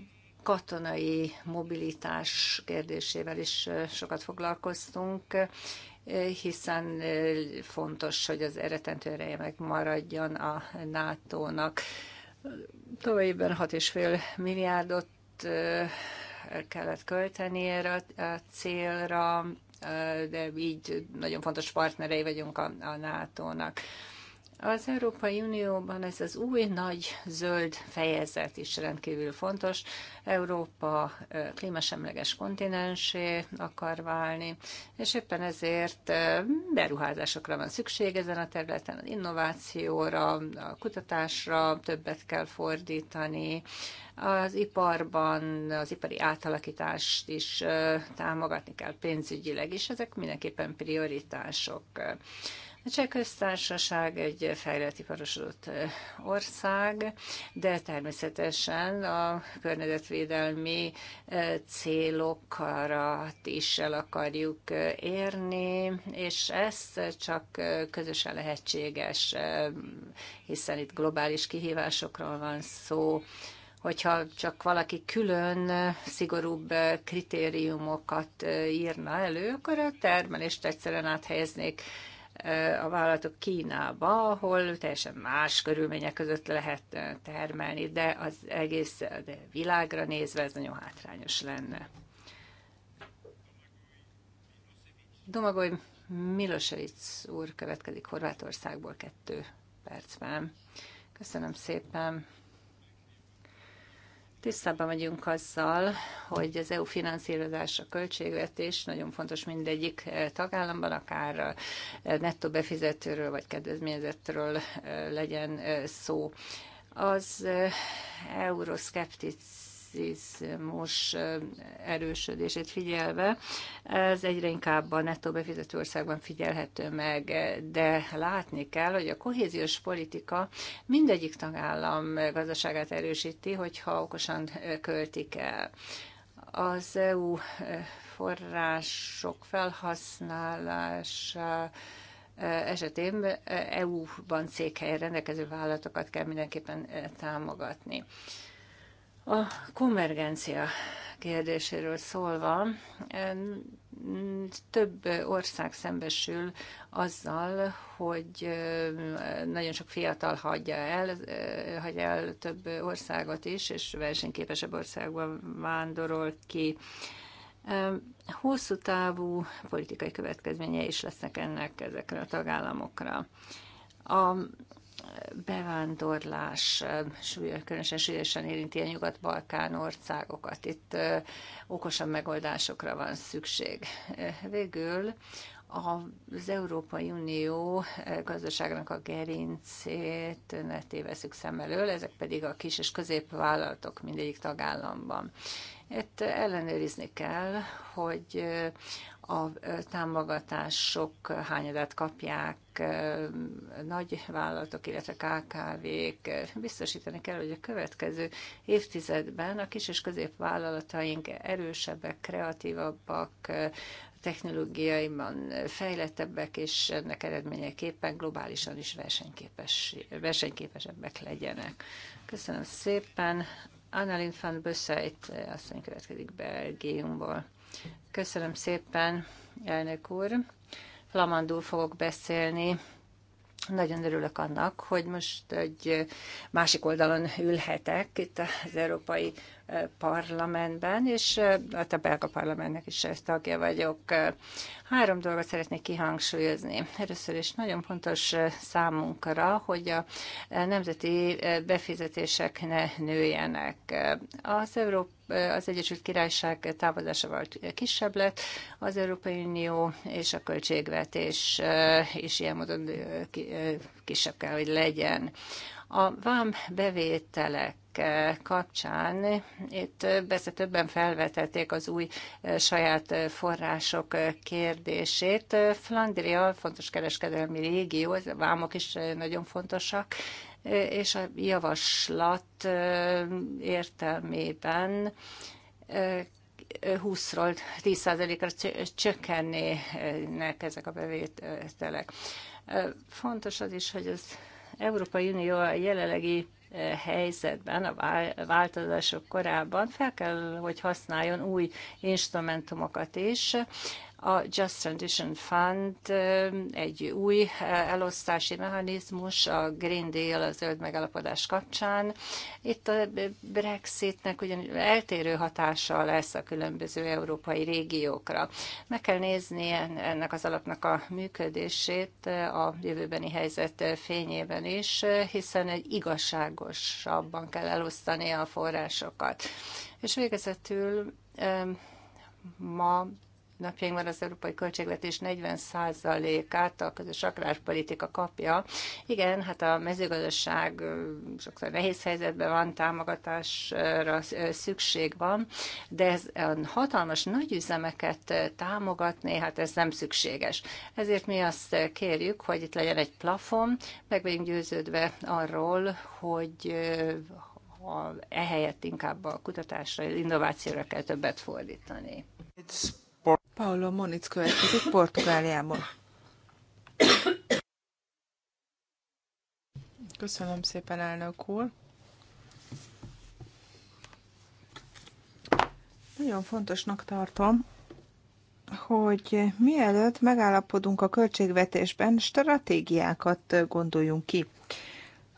katonai mobilitás kérdésével is sokat foglalkoztunk, hiszen fontos, hogy az eretentő ereje megmaradjon a NATO-nak. Továbbiben 6,5 milliárdot kellett költeni erre a célra, de így nagyon fontos partnerei vagyunk a, a NATO-nak. Az Európai Unióban ez az új nagy zöld fejezet is rendkívül fontos. Európa klímasemleges kontinensé akar válni, és éppen ezért beruházásokra van szükség ezen a területen, az innovációra, a kutatásra többet kell fordítani, az iparban az ipari átalakítást is támogatni kell pénzügyileg, és ezek mindenképpen prioritások. A Cseh köztársaság egy fejlett iparosodott ország, de természetesen a környezetvédelmi célokra is el akarjuk érni, és ez csak közösen lehetséges, hiszen itt globális kihívásokról van szó hogyha csak valaki külön szigorúbb kritériumokat írna elő, akkor a termelést egyszerűen áthelyeznék a vállalatok Kínába, ahol teljesen más körülmények között lehet termelni, de az egész de világra nézve ez nagyon hátrányos lenne. Domagoj Milosevic úr következik Horvátországból kettő percben. Köszönöm szépen. Tisztában vagyunk azzal, hogy az EU finanszírozás, a költségvetés nagyon fontos mindegyik e, tagállamban, akár e, nettó befizetőről vagy kedvezményezetről e, legyen szó. Az euroszkeptic protezizmus erősödését figyelve, ez egyre inkább a nettó befizető országban figyelhető meg, de látni kell, hogy a kohéziós politika mindegyik tagállam gazdaságát erősíti, hogyha okosan költik el az EU források felhasználása esetén EU-ban székhelyen rendelkező vállalatokat kell mindenképpen támogatni. A konvergencia kérdéséről szólva, több ország szembesül azzal, hogy nagyon sok fiatal hagyja el, eh, hagyja el több országot is, és versenyképesebb országban vándorol ki. Hosszú távú politikai következménye is lesznek ennek ezekre a tagállamokra. A bevándorlás súlyos, különösen súlyosan érinti a nyugat-balkán országokat. Itt okosabb megoldásokra van szükség. Végül az Európai Unió eh, gazdaságnak a gerincét ne téveszük szem elől, ezek pedig a kis és középvállalatok mindegyik tagállamban. Itt ellenőrizni kell, hogy eh, a eh, támogatások hányadát kapják nagy vállalatok, illetve KKV-k. Biztosítani kell, hogy a következő évtizedben a kis és középvállalataink erősebbek, kreatívabbak, technológiaiban fejlettebbek, és ennek eredményeképpen globálisan is versenyképes, versenyképesebbek legyenek. Köszönöm szépen. Annalyn van Bösszeit asszony következik Belgiumból. Köszönöm szépen, elnök úr. Flamandul fogok beszélni. Nagyon örülök annak, hogy most egy másik oldalon ülhetek itt az Európai parlamentben, és hát a belga parlamentnek is tagja vagyok. Három dolgot szeretnék kihangsúlyozni. Először is nagyon fontos számunkra, hogy a nemzeti befizetések ne nőjenek. Az Európa az Egyesült Királyság távozásával kisebb lett, az Európai Unió és a költségvetés is ilyen módon kisebb kell, hogy legyen. A vám bevételek kapcsán itt persze többen felvetették az új e, saját e, források kérdését. Flandria fontos kereskedelmi régió, a vámok is e, nagyon fontosak, és a javaslat értelmében 20-ról 10%-ra csökkennének ezek a bevételek. Fontos az is, hogy az Európai Unió a jelenlegi eh, helyzetben, a változások korában fel kell, hogy használjon új instrumentumokat is, a Just Transition Fund egy új elosztási mechanizmus a Green Deal, a zöld megalapodás kapcsán. Itt a Brexitnek ugyan eltérő hatása lesz a különböző európai régiókra. Meg kell nézni ennek az alapnak a működését a jövőbeni helyzet fényében is, hiszen egy igazságosabban kell elosztani a forrásokat. És végezetül ma napjainkban az európai költségvetés 40%-át a közös agrárpolitika kapja. Igen, hát a mezőgazdaság sokszor nehéz helyzetben van, támogatásra szükség van, de ez hatalmas nagy üzemeket támogatni, hát ez nem szükséges. Ezért mi azt kérjük, hogy itt legyen egy plafon, meg vagyunk győződve arról, hogy a, ehelyett inkább a kutatásra, innovációra kell többet fordítani. It's Paulo Moniz következik Portugáliából. Köszönöm szépen, elnök úr. Nagyon fontosnak tartom, hogy mielőtt megállapodunk a költségvetésben, stratégiákat gondoljunk ki.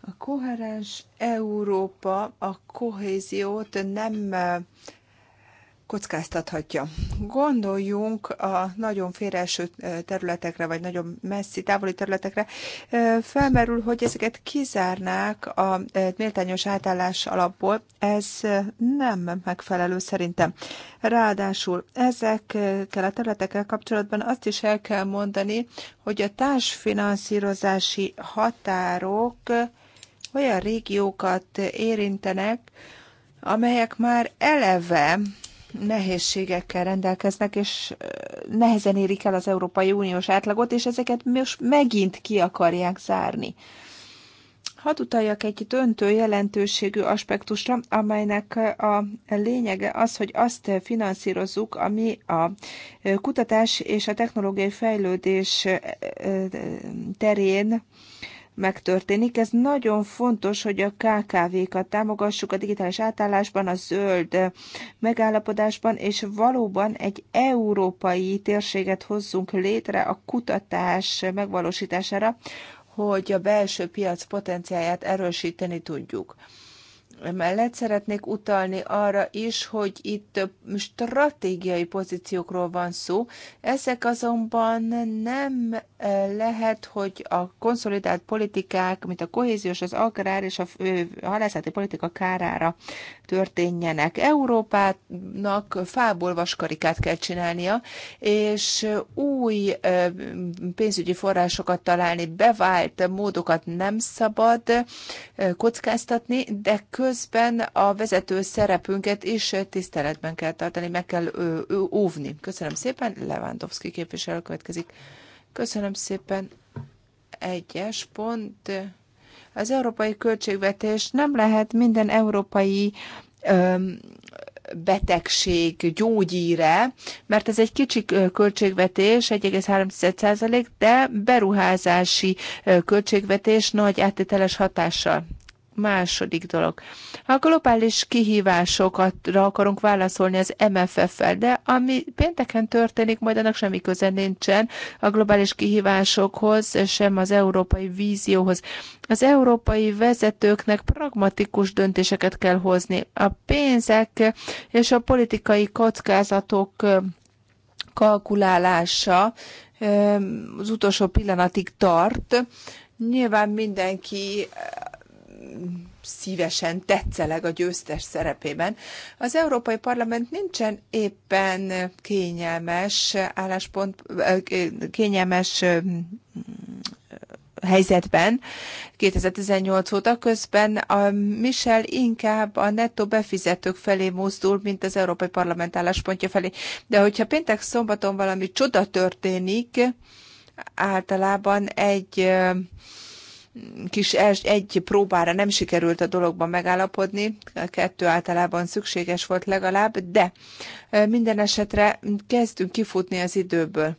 A koherens Európa a kohéziót nem kockáztathatja. Gondoljunk a nagyon félreeső területekre, vagy nagyon messzi, távoli területekre. Felmerül, hogy ezeket kizárnák a méltányos átállás alapból. Ez nem megfelelő szerintem. Ráadásul ezekkel a területekkel kapcsolatban azt is el kell mondani, hogy a társfinanszírozási határok olyan régiókat érintenek, amelyek már eleve nehézségekkel rendelkeznek, és nehezen érik el az Európai Uniós átlagot, és ezeket most megint ki akarják zárni. Hadd utaljak egy döntő jelentőségű aspektusra, amelynek a lényege az, hogy azt finanszírozzuk, ami a kutatás és a technológiai fejlődés terén megtörténik. Ez nagyon fontos, hogy a KKV-kat támogassuk a digitális átállásban, a zöld megállapodásban, és valóban egy európai térséget hozzunk létre a kutatás megvalósítására, hogy a belső piac potenciáját erősíteni tudjuk. Emellett szeretnék utalni arra is, hogy itt stratégiai pozíciókról van szó. Ezek azonban nem eh, lehet, hogy a konszolidált politikák, mint a kohéziós, az agrár és a halászati politika kárára történjenek. Európának fából vaskarikát kell csinálnia, és új eh, pénzügyi forrásokat találni, bevált módokat nem szabad eh, kockáztatni, de kö közben a vezető szerepünket is tiszteletben kell tartani, meg kell óvni. Köszönöm szépen, Lewandowski képviselő következik. Köszönöm szépen. Egyes pont. Az európai költségvetés nem lehet minden európai öm, betegség gyógyíre, mert ez egy kicsi költségvetés, 1,3%, de beruházási költségvetés nagy áttételes hatással Második dolog. A globális kihívásokat akarunk válaszolni az MFF-fel, de ami pénteken történik, majd annak semmi köze nincsen a globális kihívásokhoz, sem az európai vízióhoz. Az európai vezetőknek pragmatikus döntéseket kell hozni. A pénzek és a politikai kockázatok kalkulálása az utolsó pillanatig tart. Nyilván mindenki szívesen tetszeleg a győztes szerepében. Az Európai Parlament nincsen éppen kényelmes álláspont, eh, kényelmes eh, helyzetben 2018 óta, közben a Michel inkább a nettó befizetők felé mozdul, mint az Európai Parlament álláspontja felé. De hogyha péntek szombaton valami csoda történik, általában egy eh, kis egy próbára nem sikerült a dologban megállapodni, a kettő általában szükséges volt legalább, de minden esetre kezdünk kifutni az időből.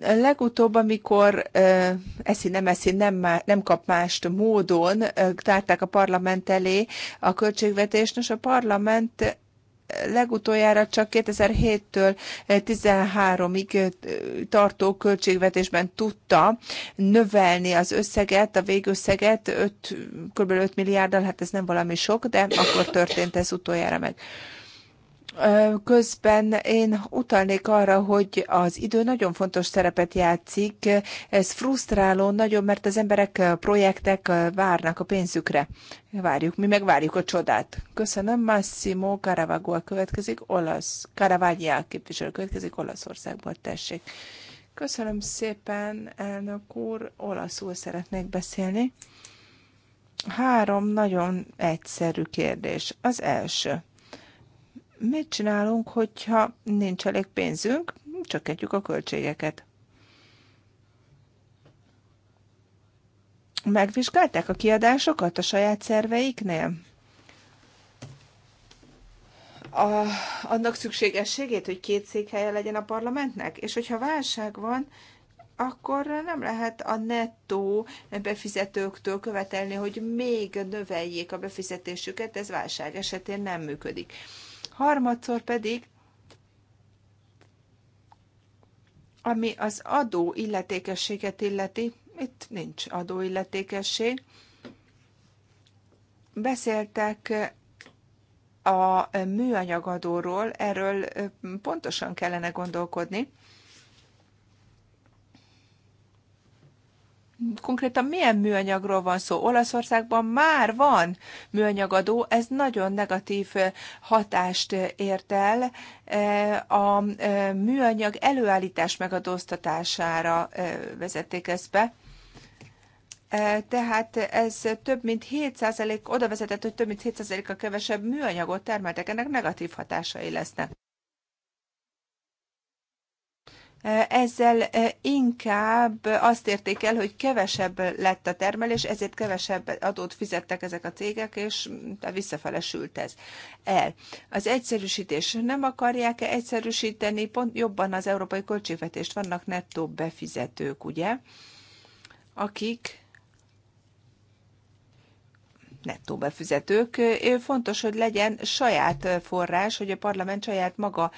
Legutóbb, amikor eszi nem eszi, nem, nem kap mást módon, tárták a parlament elé a költségvetést, és a parlament legutoljára csak 2007-től 13-ig eh, tartó költségvetésben tudta növelni az összeget, a végösszeget 5, kb. 5 milliárddal, hát ez nem valami sok, de akkor történt ez utoljára meg. Közben én utalnék arra, hogy az idő nagyon fontos szerepet játszik. Ez frusztráló nagyon, mert az emberek, projektek várnak a pénzükre. Várjuk, mi meg várjuk a csodát. Köszönöm, Massimo Caravaggio következik, olasz. Caravaglia képviselő következik Olaszországból, tessék. Köszönöm szépen, elnök úr, olaszul szeretnék beszélni. Három nagyon egyszerű kérdés. Az első Mit csinálunk, hogyha nincs elég pénzünk? Csökkentjük a költségeket. Megvizsgálták a kiadásokat a saját szerveiknél? a, annak szükségességét, hogy két székhelye legyen a parlamentnek? És hogyha válság van, akkor nem lehet a nettó befizetőktől követelni, hogy még növeljék a befizetésüket, ez válság esetén nem működik harmadszor pedig ami az adó illetékességet illeti, itt nincs adó illetékesség. Beszéltek eh, a műanyagadóról, erről eh, pontosan kellene gondolkodni. konkrétan milyen műanyagról van szó. Olaszországban már van műanyagadó, ez nagyon negatív hatást ért el a műanyag előállítás megadóztatására vezették ezt be. Tehát ez több mint 7% oda vezetett, hogy több mint 7%-a kevesebb műanyagot termeltek, ennek negatív hatásai lesznek ezzel eh, inkább azt érték el, hogy kevesebb lett a termelés, ezért kevesebb adót fizettek ezek a cégek, és mm, visszafelesült ez el. Az egyszerűsítés nem akarják-e egyszerűsíteni pont jobban az európai költségvetést? Vannak nettó befizetők, ugye, akik nettó befizetők. Fontos, hogy legyen saját forrás, hogy a parlament saját maga,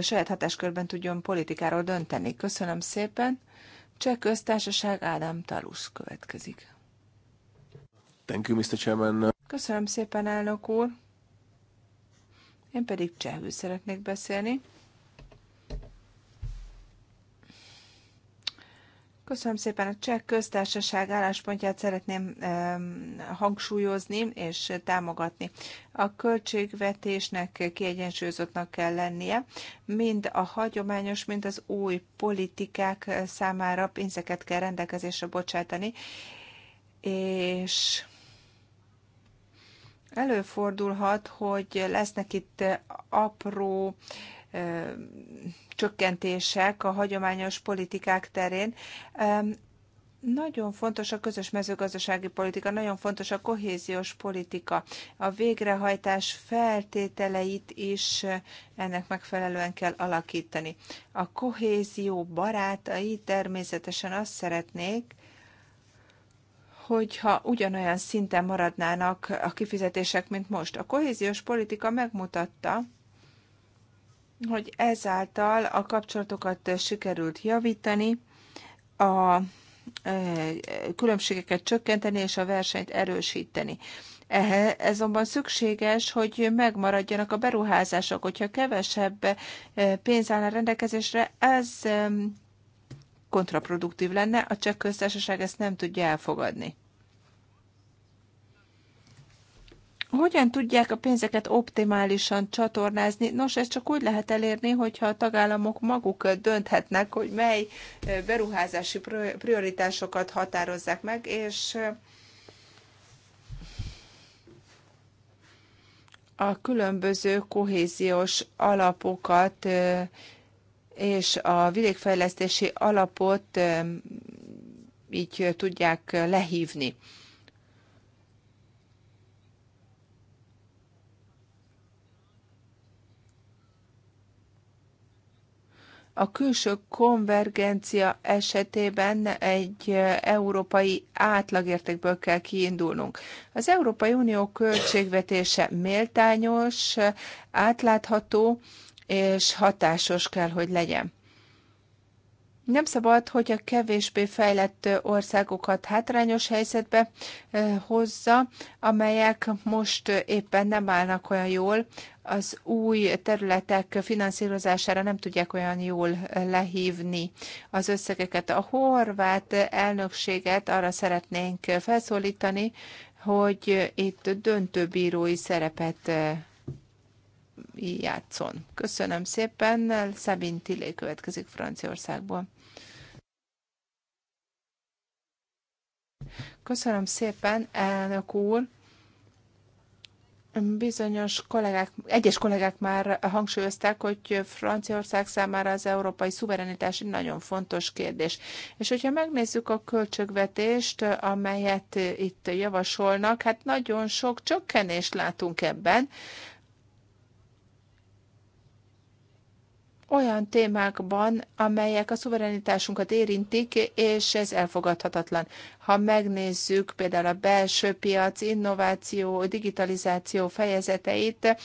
saját hatáskörben tudjon politikáról dönteni. Köszönöm szépen. Cseh köztársaság Ádám Talusz következik. Thank you, Mr. Chairman. Köszönöm szépen, elnök úr. Én pedig csehül szeretnék beszélni. Köszönöm szépen. A cseh köztársaság álláspontját szeretném hangsúlyozni és támogatni. A költségvetésnek kiegyensúlyozottnak kell lennie, mind a hagyományos, mind az új politikák számára pénzeket kell rendelkezésre bocsátani, és előfordulhat, hogy lesznek itt apró csökkentések a hagyományos politikák terén. Nagyon fontos a közös mezőgazdasági politika, nagyon fontos a kohéziós politika. A végrehajtás feltételeit is ennek megfelelően kell alakítani. A kohézió barátai természetesen azt szeretnék, hogyha ugyanolyan szinten maradnának a kifizetések, mint most. A kohéziós politika megmutatta, hogy ezáltal a kapcsolatokat sikerült javítani, a e, különbségeket csökkenteni és a versenyt erősíteni. Ehhez azonban szükséges, hogy megmaradjanak a beruházások. Hogyha kevesebb e, pénz áll a rendelkezésre, ez e, kontraproduktív lenne, a csekköztársaság ezt nem tudja elfogadni. hogyan tudják a pénzeket optimálisan csatornázni? Nos, ezt csak úgy lehet elérni, hogyha a tagállamok maguk dönthetnek, hogy mely eh, beruházási prioritásokat határozzák meg, és eh, a különböző kohéziós alapokat eh, és a vidékfejlesztési alapot így tudják lehívni a külső konvergencia esetében egy európai átlagértékből kell kiindulnunk. Az Európai Unió költségvetése méltányos, átlátható és hatásos kell, hogy legyen. Nem szabad, hogy a kevésbé fejlett országokat hátrányos helyzetbe eh, hozza, amelyek most éppen nem állnak olyan jól, az új területek finanszírozására nem tudják olyan jól eh, lehívni az összegeket. A horvát elnökséget arra szeretnénk felszólítani, hogy itt döntőbírói szerepet eh, játszon. Köszönöm szépen, Szabin Tillé következik Franciaországból. Köszönöm szépen, elnök úr. Bizonyos kollégák, egyes kollégák már hangsúlyozták, hogy Franciaország számára az európai szuverenitás egy nagyon fontos kérdés. És hogyha megnézzük a költségvetést, amelyet itt javasolnak, hát nagyon sok csökkenést látunk ebben. olyan témákban, amelyek a szuverenitásunkat érintik, és ez elfogadhatatlan. Ha megnézzük például a belső piac, innováció, digitalizáció fejezeteit,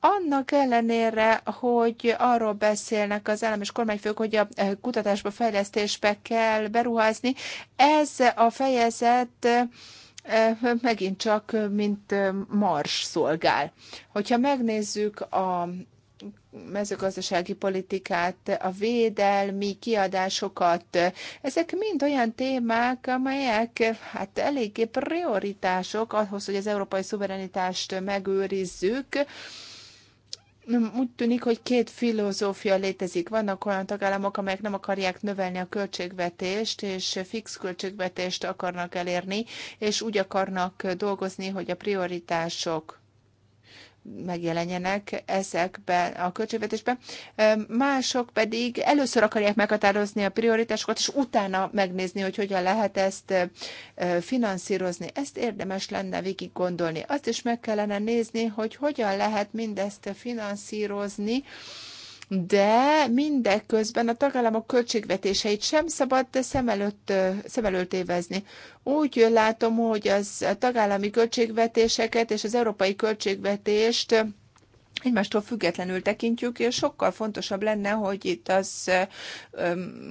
annak ellenére, hogy arról beszélnek az állam és kormányfők, hogy a e, kutatásba, fejlesztésbe kell beruházni, ez a fejezet e, megint csak mint e, mars szolgál. Hogyha megnézzük a mezőgazdasági politikát, a védelmi kiadásokat. Ezek mind olyan témák, amelyek hát eléggé prioritások ahhoz, hogy az európai szuverenitást megőrizzük. Úgy tűnik, hogy két filozófia létezik. Vannak olyan tagállamok, amelyek nem akarják növelni a költségvetést, és fix költségvetést akarnak elérni, és úgy akarnak dolgozni, hogy a prioritások megjelenjenek ezekben a költségvetésben. Mások pedig először akarják meghatározni a prioritásokat, és utána megnézni, hogy hogyan lehet ezt finanszírozni. Ezt érdemes lenne végig gondolni. Azt is meg kellene nézni, hogy hogyan lehet mindezt finanszírozni, de mindeközben a tagállamok költségvetéseit sem szabad szem, előtt, szem előtt évezni. Úgy látom, hogy az a tagállami költségvetéseket és az európai költségvetést egymástól függetlenül tekintjük, és sokkal fontosabb lenne, hogy itt az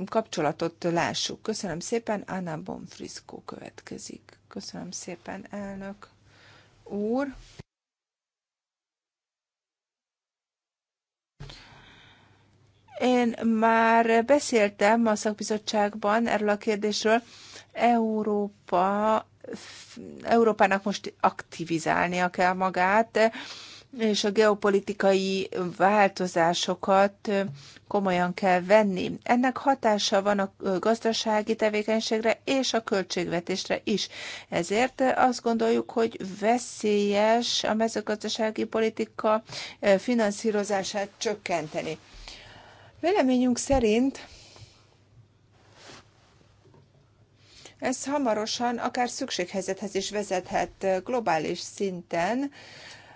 kapcsolatot lássuk. Köszönöm szépen, Anna Bonfriszkó következik. Köszönöm szépen, elnök úr. Én már beszéltem a szakbizottságban erről a kérdésről. Európa, Európának most aktivizálnia kell magát, és a geopolitikai változásokat komolyan kell venni. Ennek hatása van a gazdasági tevékenységre és a költségvetésre is. Ezért azt gondoljuk, hogy veszélyes a mezőgazdasági politika finanszírozását csökkenteni. Véleményünk szerint ez hamarosan akár szükséghelyzethez is vezethet globális szinten,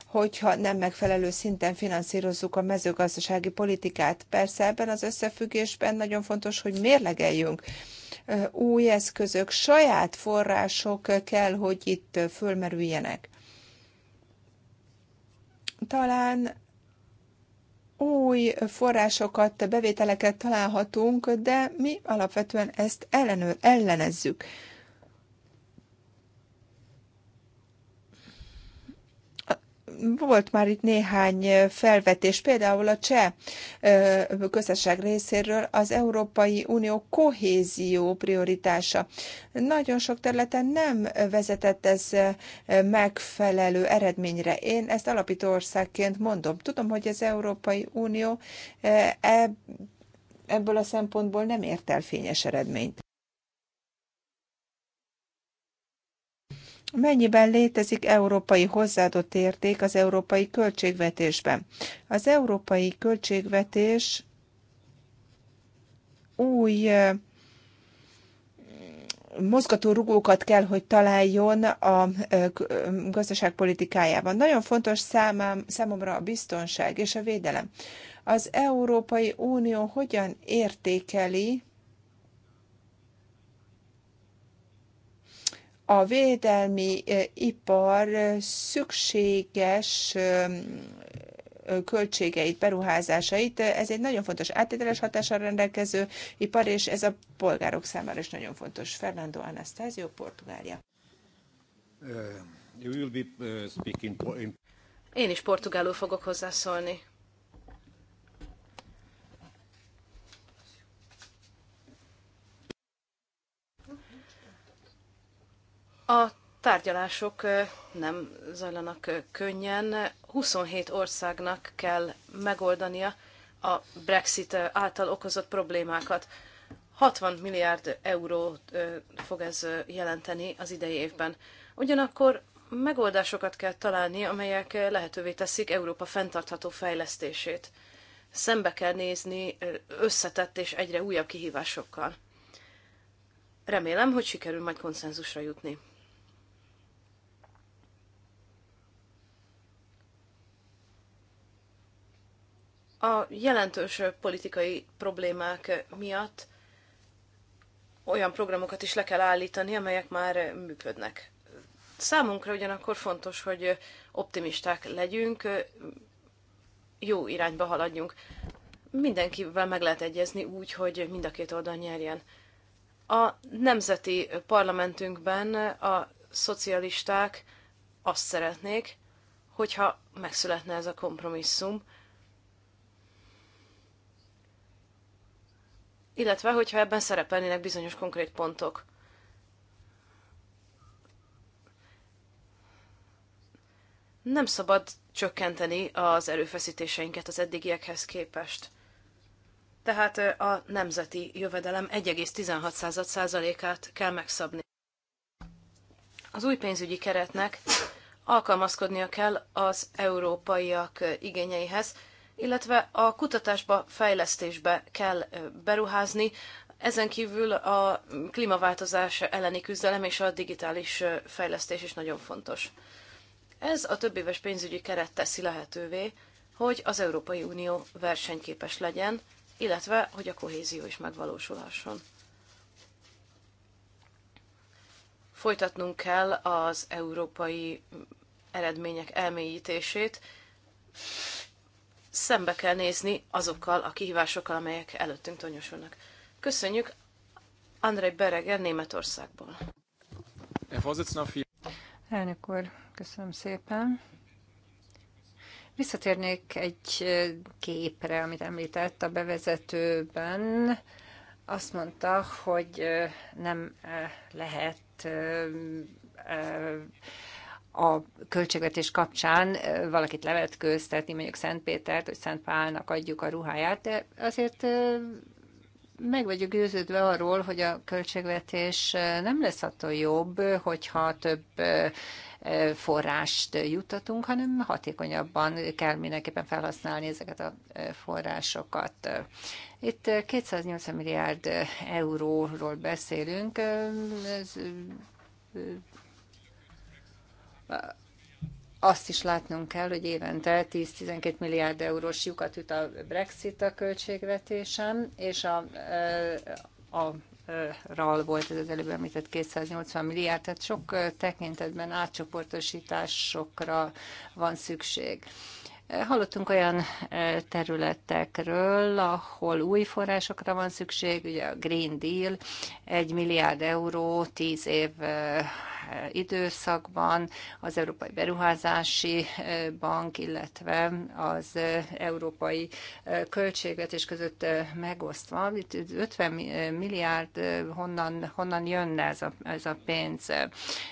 hogyha nem megfelelő szinten finanszírozzuk a mezőgazdasági politikát. Persze ebben az összefüggésben nagyon fontos, hogy mérlegeljünk új eszközök, saját források kell, hogy itt fölmerüljenek. Talán új forrásokat, bevételeket találhatunk, de mi alapvetően ezt ellenőr, ellenezzük. Volt már itt néhány felvetés, például a cseh közösség részéről az Európai Unió kohézió prioritása. Nagyon sok területen nem vezetett ez megfelelő eredményre. Én ezt alapító országként mondom. Tudom, hogy az Európai Unió ebből a szempontból nem ért el fényes eredményt. Mennyiben létezik európai hozzáadott érték az európai költségvetésben? Az európai költségvetés új mozgatórugókat kell, hogy találjon a gazdaságpolitikájában. Nagyon fontos számám, számomra a biztonság és a védelem. Az Európai Unió hogyan értékeli a védelmi ipar szükséges költségeit, beruházásait. Ez egy nagyon fontos áttételes hatással rendelkező ipar, és ez a polgárok számára is nagyon fontos. Fernando Anastasio, Portugália. Uh, uh, Én is portugálul fogok hozzászólni. A tárgyalások nem zajlanak könnyen. 27 országnak kell megoldania a Brexit által okozott problémákat. 60 milliárd eurót fog ez jelenteni az idei évben. Ugyanakkor megoldásokat kell találni, amelyek lehetővé teszik Európa fenntartható fejlesztését. Szembe kell nézni összetett és egyre újabb kihívásokkal. Remélem, hogy sikerül majd konszenzusra jutni. a jelentős politikai problémák miatt olyan programokat is le kell állítani, amelyek már működnek. Számunkra ugyanakkor fontos, hogy optimisták legyünk, jó irányba haladjunk. Mindenkivel meg lehet egyezni úgy, hogy mind a két oldal nyerjen. A nemzeti parlamentünkben a szocialisták azt szeretnék, hogyha megszületne ez a kompromisszum, illetve hogyha ebben szerepelnének bizonyos konkrét pontok. Nem szabad csökkenteni az erőfeszítéseinket az eddigiekhez képest. Tehát a nemzeti jövedelem 1,16%-át kell megszabni. Az új pénzügyi keretnek alkalmazkodnia kell az európaiak igényeihez, illetve a kutatásba, fejlesztésbe kell beruházni, ezen kívül a klímaváltozás elleni küzdelem és a digitális fejlesztés is nagyon fontos. Ez a többéves pénzügyi keret teszi lehetővé, hogy az Európai Unió versenyképes legyen, illetve hogy a kohézió is megvalósulhasson. Folytatnunk kell az európai eredmények elmélyítését, szembe kell nézni azokkal a kihívásokkal, amelyek előttünk tonyosulnak. Köszönjük Andrej Bereger Németországból. Elnök úr, köszönöm szépen. Visszatérnék egy képre, amit említett a bevezetőben. Azt mondta, hogy nem lehet a költségvetés kapcsán valakit köztetni, mondjuk Szent Pétert, hogy Pálnak adjuk a ruháját, de azért meg vagyok győződve arról, hogy a költségvetés nem lesz attól jobb, hogyha több forrást jutatunk, hanem hatékonyabban kell mindenképpen felhasználni ezeket a forrásokat. Itt 280 milliárd euróról beszélünk, ez azt is látnunk kell, hogy évente 10-12 milliárd eurós lyukat üt a Brexit a költségvetésen, és a, a, a ral volt ez az előbb említett 280 milliárd, tehát sok tekintetben átcsoportosításokra van szükség. Hallottunk olyan területekről, ahol új forrásokra van szükség, ugye a Green Deal, egy milliárd euró, tíz év időszakban az Európai Beruházási eh, Bank, illetve az eh, Európai eh, Költségvetés között megosztva. Itt 50 milliárd honnan, honnan jönne ez a, ez a pénz.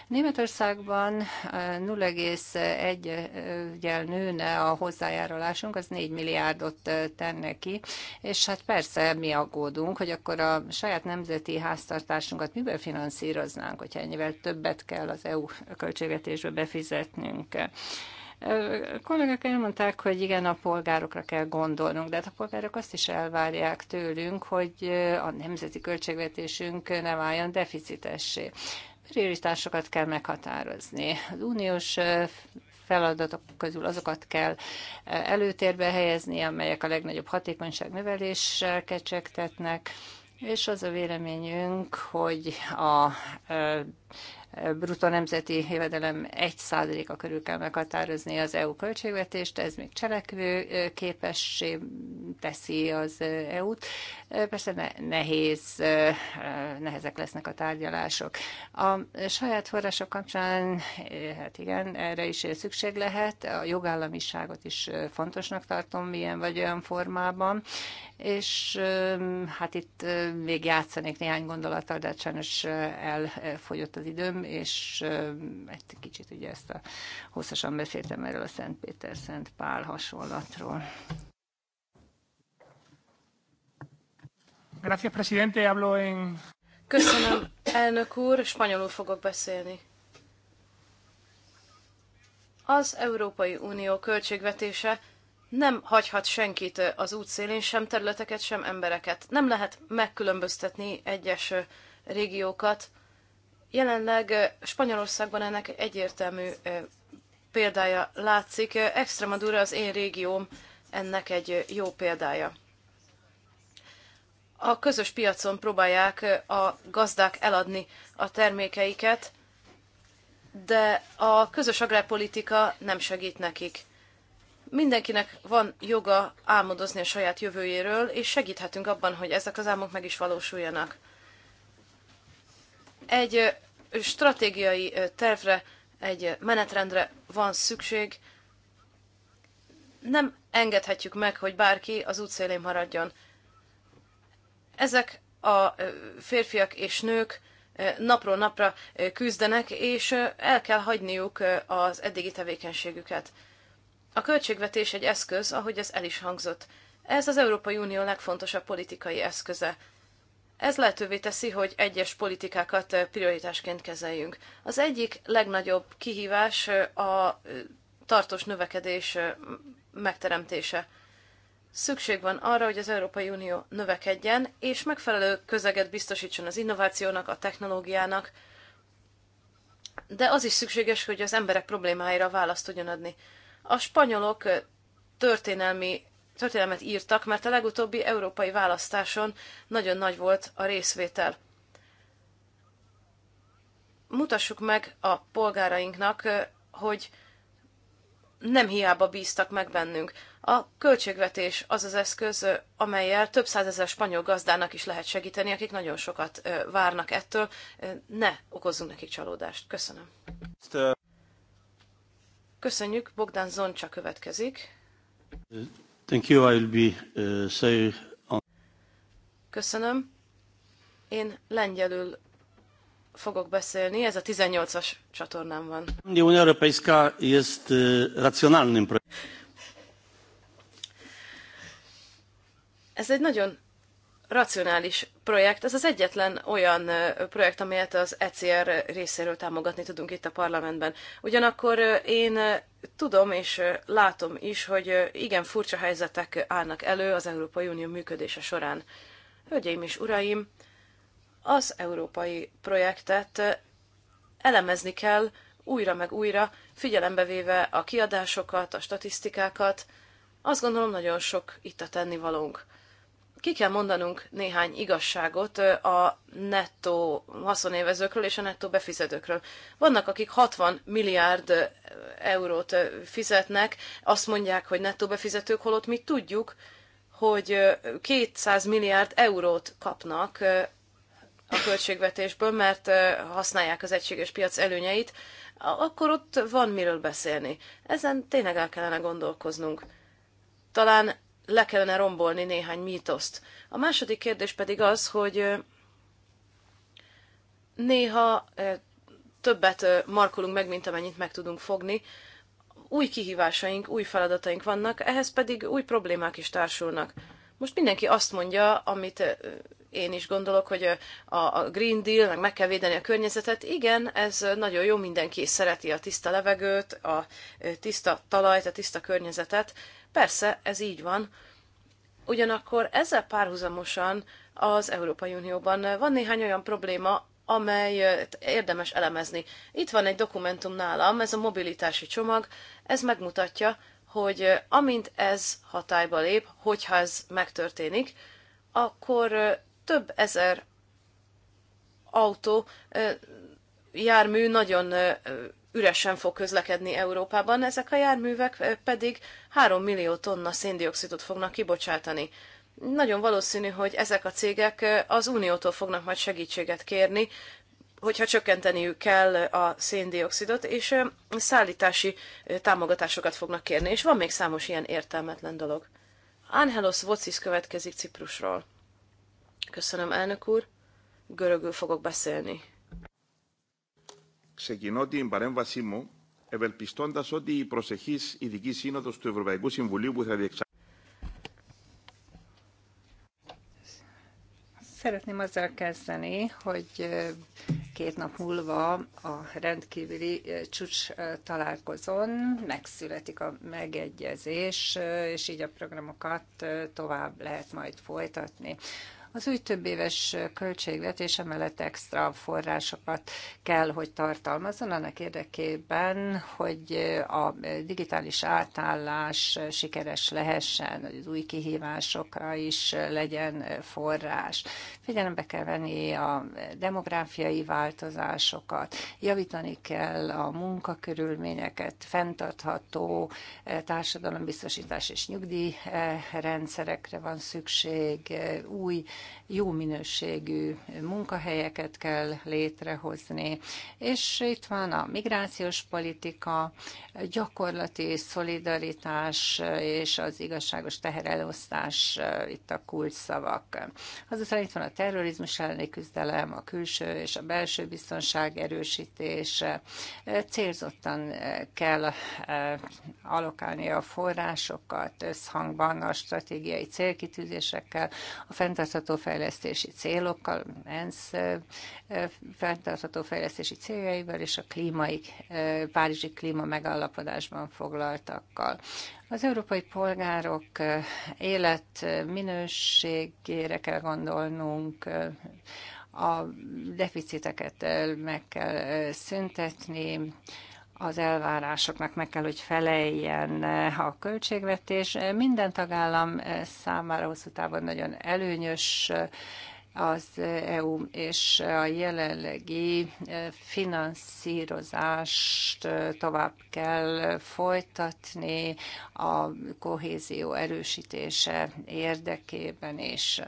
Németországban 0,1-gyel nőne a hozzájárulásunk, az 4 milliárdot tenne ki, és hát persze mi aggódunk, hogy akkor a saját nemzeti háztartásunkat miből finanszíroznánk, hogyha ennyivel többet kell az EU költségvetésbe befizetnünk. A kollégák elmondták, hogy igen, a polgárokra kell gondolnunk, de hát a polgárok azt is elvárják tőlünk, hogy a nemzeti költségvetésünk ne váljon deficitessé. Prioritásokat kell meghatározni. Az uniós feladatok közül azokat kell előtérbe helyezni, amelyek a legnagyobb hatékonyság növeléssel kecsegtetnek, és az a véleményünk, hogy a bruttó nemzeti jövedelem 1%-a körül kell meghatározni az EU költségvetést, ez még cselekvő képessé teszi az EU-t. Persze nehéz, nehezek lesznek a tárgyalások. A saját források kapcsán, hát igen, erre is szükség lehet. A jogállamiságot is fontosnak tartom milyen vagy olyan formában, és hát itt még játszanék néhány gondolattal, de hát sajnos elfogyott az időm, és egy kicsit ugye ezt a, hosszasan beszéltem erről a Szent Péter-Szent Pál hasonlatról. Gracias, presidente. Hablo en... Köszönöm, elnök úr, spanyolul fogok beszélni. Az Európai Unió költségvetése nem hagyhat senkit az útszélén, sem területeket, sem embereket. Nem lehet megkülönböztetni egyes régiókat Jelenleg Spanyolországban ennek egyértelmű példája látszik. Extremadura az én régióm ennek egy jó példája. A közös piacon próbálják a gazdák eladni a termékeiket, de a közös agrárpolitika nem segít nekik. Mindenkinek van joga álmodozni a saját jövőjéről, és segíthetünk abban, hogy ezek az álmok meg is valósuljanak. Egy stratégiai tervre, egy menetrendre van szükség. Nem engedhetjük meg, hogy bárki az útszélén maradjon. Ezek a férfiak és nők napról napra küzdenek, és el kell hagyniuk az eddigi tevékenységüket. A költségvetés egy eszköz, ahogy ez el is hangzott. Ez az Európai Unió legfontosabb politikai eszköze. Ez lehetővé teszi, hogy egyes politikákat prioritásként kezeljünk. Az egyik legnagyobb kihívás a tartós növekedés megteremtése. Szükség van arra, hogy az Európai Unió növekedjen, és megfelelő közeget biztosítson az innovációnak, a technológiának, de az is szükséges, hogy az emberek problémáira választ tudjon adni. A spanyolok történelmi történelmet írtak, mert a legutóbbi európai választáson nagyon nagy volt a részvétel. Mutassuk meg a polgárainknak, hogy nem hiába bíztak meg bennünk. A költségvetés az az eszköz, amelyel több százezer spanyol gazdának is lehet segíteni, akik nagyon sokat várnak ettől. Ne okozzunk nekik csalódást. Köszönöm. Köszönjük, Bogdan Zoncsa következik. Thank you, I be, uh, say on... Köszönöm. Én lengyelül fogok beszélni, ez a 18-as csatornán van. Unia Europejska jest e, racjonalnym projektem. Ez egy nagyon racionális projekt, ez az egyetlen olyan projekt, amelyet az ECR részéről támogatni tudunk itt a parlamentben. Ugyanakkor én tudom és látom is, hogy igen furcsa helyzetek állnak elő az Európai Unió működése során. Hölgyeim és uraim, az európai projektet elemezni kell újra meg újra, figyelembe véve a kiadásokat, a statisztikákat. Azt gondolom, nagyon sok itt a tennivalónk ki kell mondanunk néhány igazságot a nettó haszonévezőkről és a nettó befizetőkről. Vannak, akik 60 milliárd eurót fizetnek, azt mondják, hogy nettó befizetők, holott mi tudjuk, hogy 200 milliárd eurót kapnak a költségvetésből, mert használják az egységes piac előnyeit, akkor ott van miről beszélni. Ezen tényleg el kellene gondolkoznunk. Talán le kellene rombolni néhány mítoszt. A második kérdés pedig az, hogy néha többet markolunk meg, mint amennyit meg tudunk fogni. Új kihívásaink, új feladataink vannak, ehhez pedig új problémák is társulnak. Most mindenki azt mondja, amit én is gondolok, hogy a Green Deal, meg meg kell védeni a környezetet. Igen, ez nagyon jó, mindenki szereti a tiszta levegőt, a tiszta talajt, a tiszta környezetet, Persze, ez így van. Ugyanakkor ezzel párhuzamosan az Európai Unióban van néhány olyan probléma, amely érdemes elemezni. Itt van egy dokumentum nálam, ez a mobilitási csomag, ez megmutatja, hogy eh, amint ez hatályba lép, hogyha ez megtörténik, akkor eh, több ezer autó, eh, jármű nagyon üresen fog közlekedni Európában, ezek a járművek eh, pedig 3 millió tonna széndiokszidot fognak kibocsátani. Nagyon valószínű, hogy ezek a cégek eh, az Uniótól fognak majd segítséget kérni, hogyha csökkenteniük kell a széndiokszidot, és eh, szállítási támogatásokat fognak kérni, és van még számos ilyen értelmetlen dolog. Angelos Vocis következik Ciprusról. Köszönöm, elnök úr. Görögül fogok beszélni ξεκινώ την παρέμβασή μου ευελπιστώντας ότι η προσεχής ειδική σύνοδος του Ευρωπαϊκού Συμβουλίου που θα διεξάγει Szeretném azzal kezdeni, hogy két nap múlva a rendkívüli csúcs találkozón megszületik a megegyezés, és így a programokat tovább lehet majd folytatni. Az új több éves költségvetés emellett extra forrásokat kell, hogy tartalmazzon annak érdekében, hogy a digitális átállás sikeres lehessen, hogy az új kihívásokra is legyen forrás. Figyelembe kell venni a demográfiai változásokat, javítani kell a munkakörülményeket, fenntartható eh, társadalombiztosítás és nyugdíjrendszerekre van szükség, eh, új jó minőségű munkahelyeket kell létrehozni. És itt van a migrációs politika, gyakorlati szolidaritás és az igazságos teherelosztás eh, itt a kulcsszavak. Azután itt van a terrorizmus elleni küzdelem, a külső és a belső biztonság erősítése. Eh, célzottan eh, kell alokálni a forrásokat összhangban a stratégiai célkitűzésekkel, a fenntartható fejlesztési célokkal, ENSZ fenntartható fejlesztési céljaival és a klímai, Párizsi klíma megállapodásban foglaltakkal. Az európai polgárok életminőségére kell gondolnunk, a deficiteket meg kell szüntetni, az elvárásoknak meg kell, hogy feleljen a költségvetés. Minden tagállam számára hosszú távon nagyon előnyös az EU és a jelenlegi finanszírozást tovább kell folytatni a kohézió erősítése érdekében és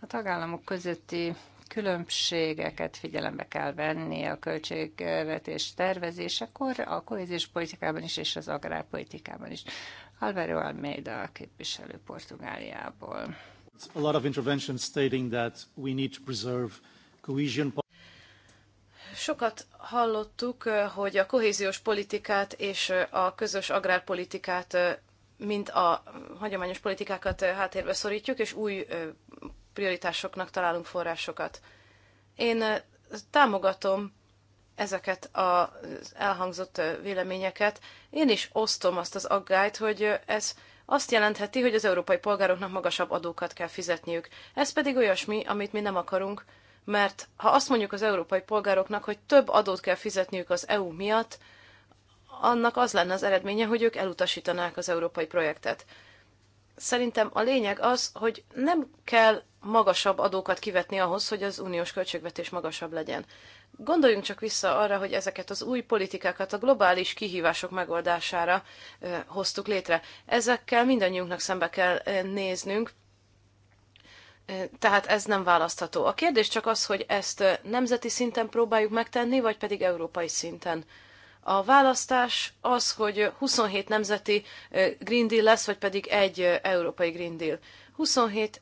a tagállamok közötti különbségeket figyelembe kell venni a költségvetés tervezésekor, a kohéziós politikában is és az agrárpolitikában is. Álvaro Almeida képviselő Portugáliából. A lot of interventions stating that we need to preserve cohesion sokat hallottuk, eh, hogy a kohéziós politikát és eh, a közös agrárpolitikát eh, mint a hagyományos politikákat háttérbe szorítjuk, és új prioritásoknak találunk forrásokat. Én támogatom ezeket az elhangzott véleményeket. Én is osztom azt az aggályt, hogy ez azt jelentheti, hogy az európai polgároknak magasabb adókat kell fizetniük. Ez pedig olyasmi, amit mi nem akarunk, mert ha azt mondjuk az európai polgároknak, hogy több adót kell fizetniük az EU miatt, annak az lenne az eredménye, hogy ők elutasítanák az európai projektet szerintem a lényeg az, hogy nem kell magasabb adókat kivetni ahhoz, hogy az uniós költségvetés magasabb legyen. Gondoljunk csak vissza arra, hogy ezeket az új politikákat a globális kihívások megoldására ö, hoztuk létre. Ezekkel mindannyiunknak szembe kell ö, néznünk, tehát ez nem választható. A kérdés csak az, hogy ezt nemzeti szinten próbáljuk megtenni, vagy pedig európai szinten. A választás az, hogy 27 nemzeti Green Deal lesz, vagy pedig egy európai Green Deal. 27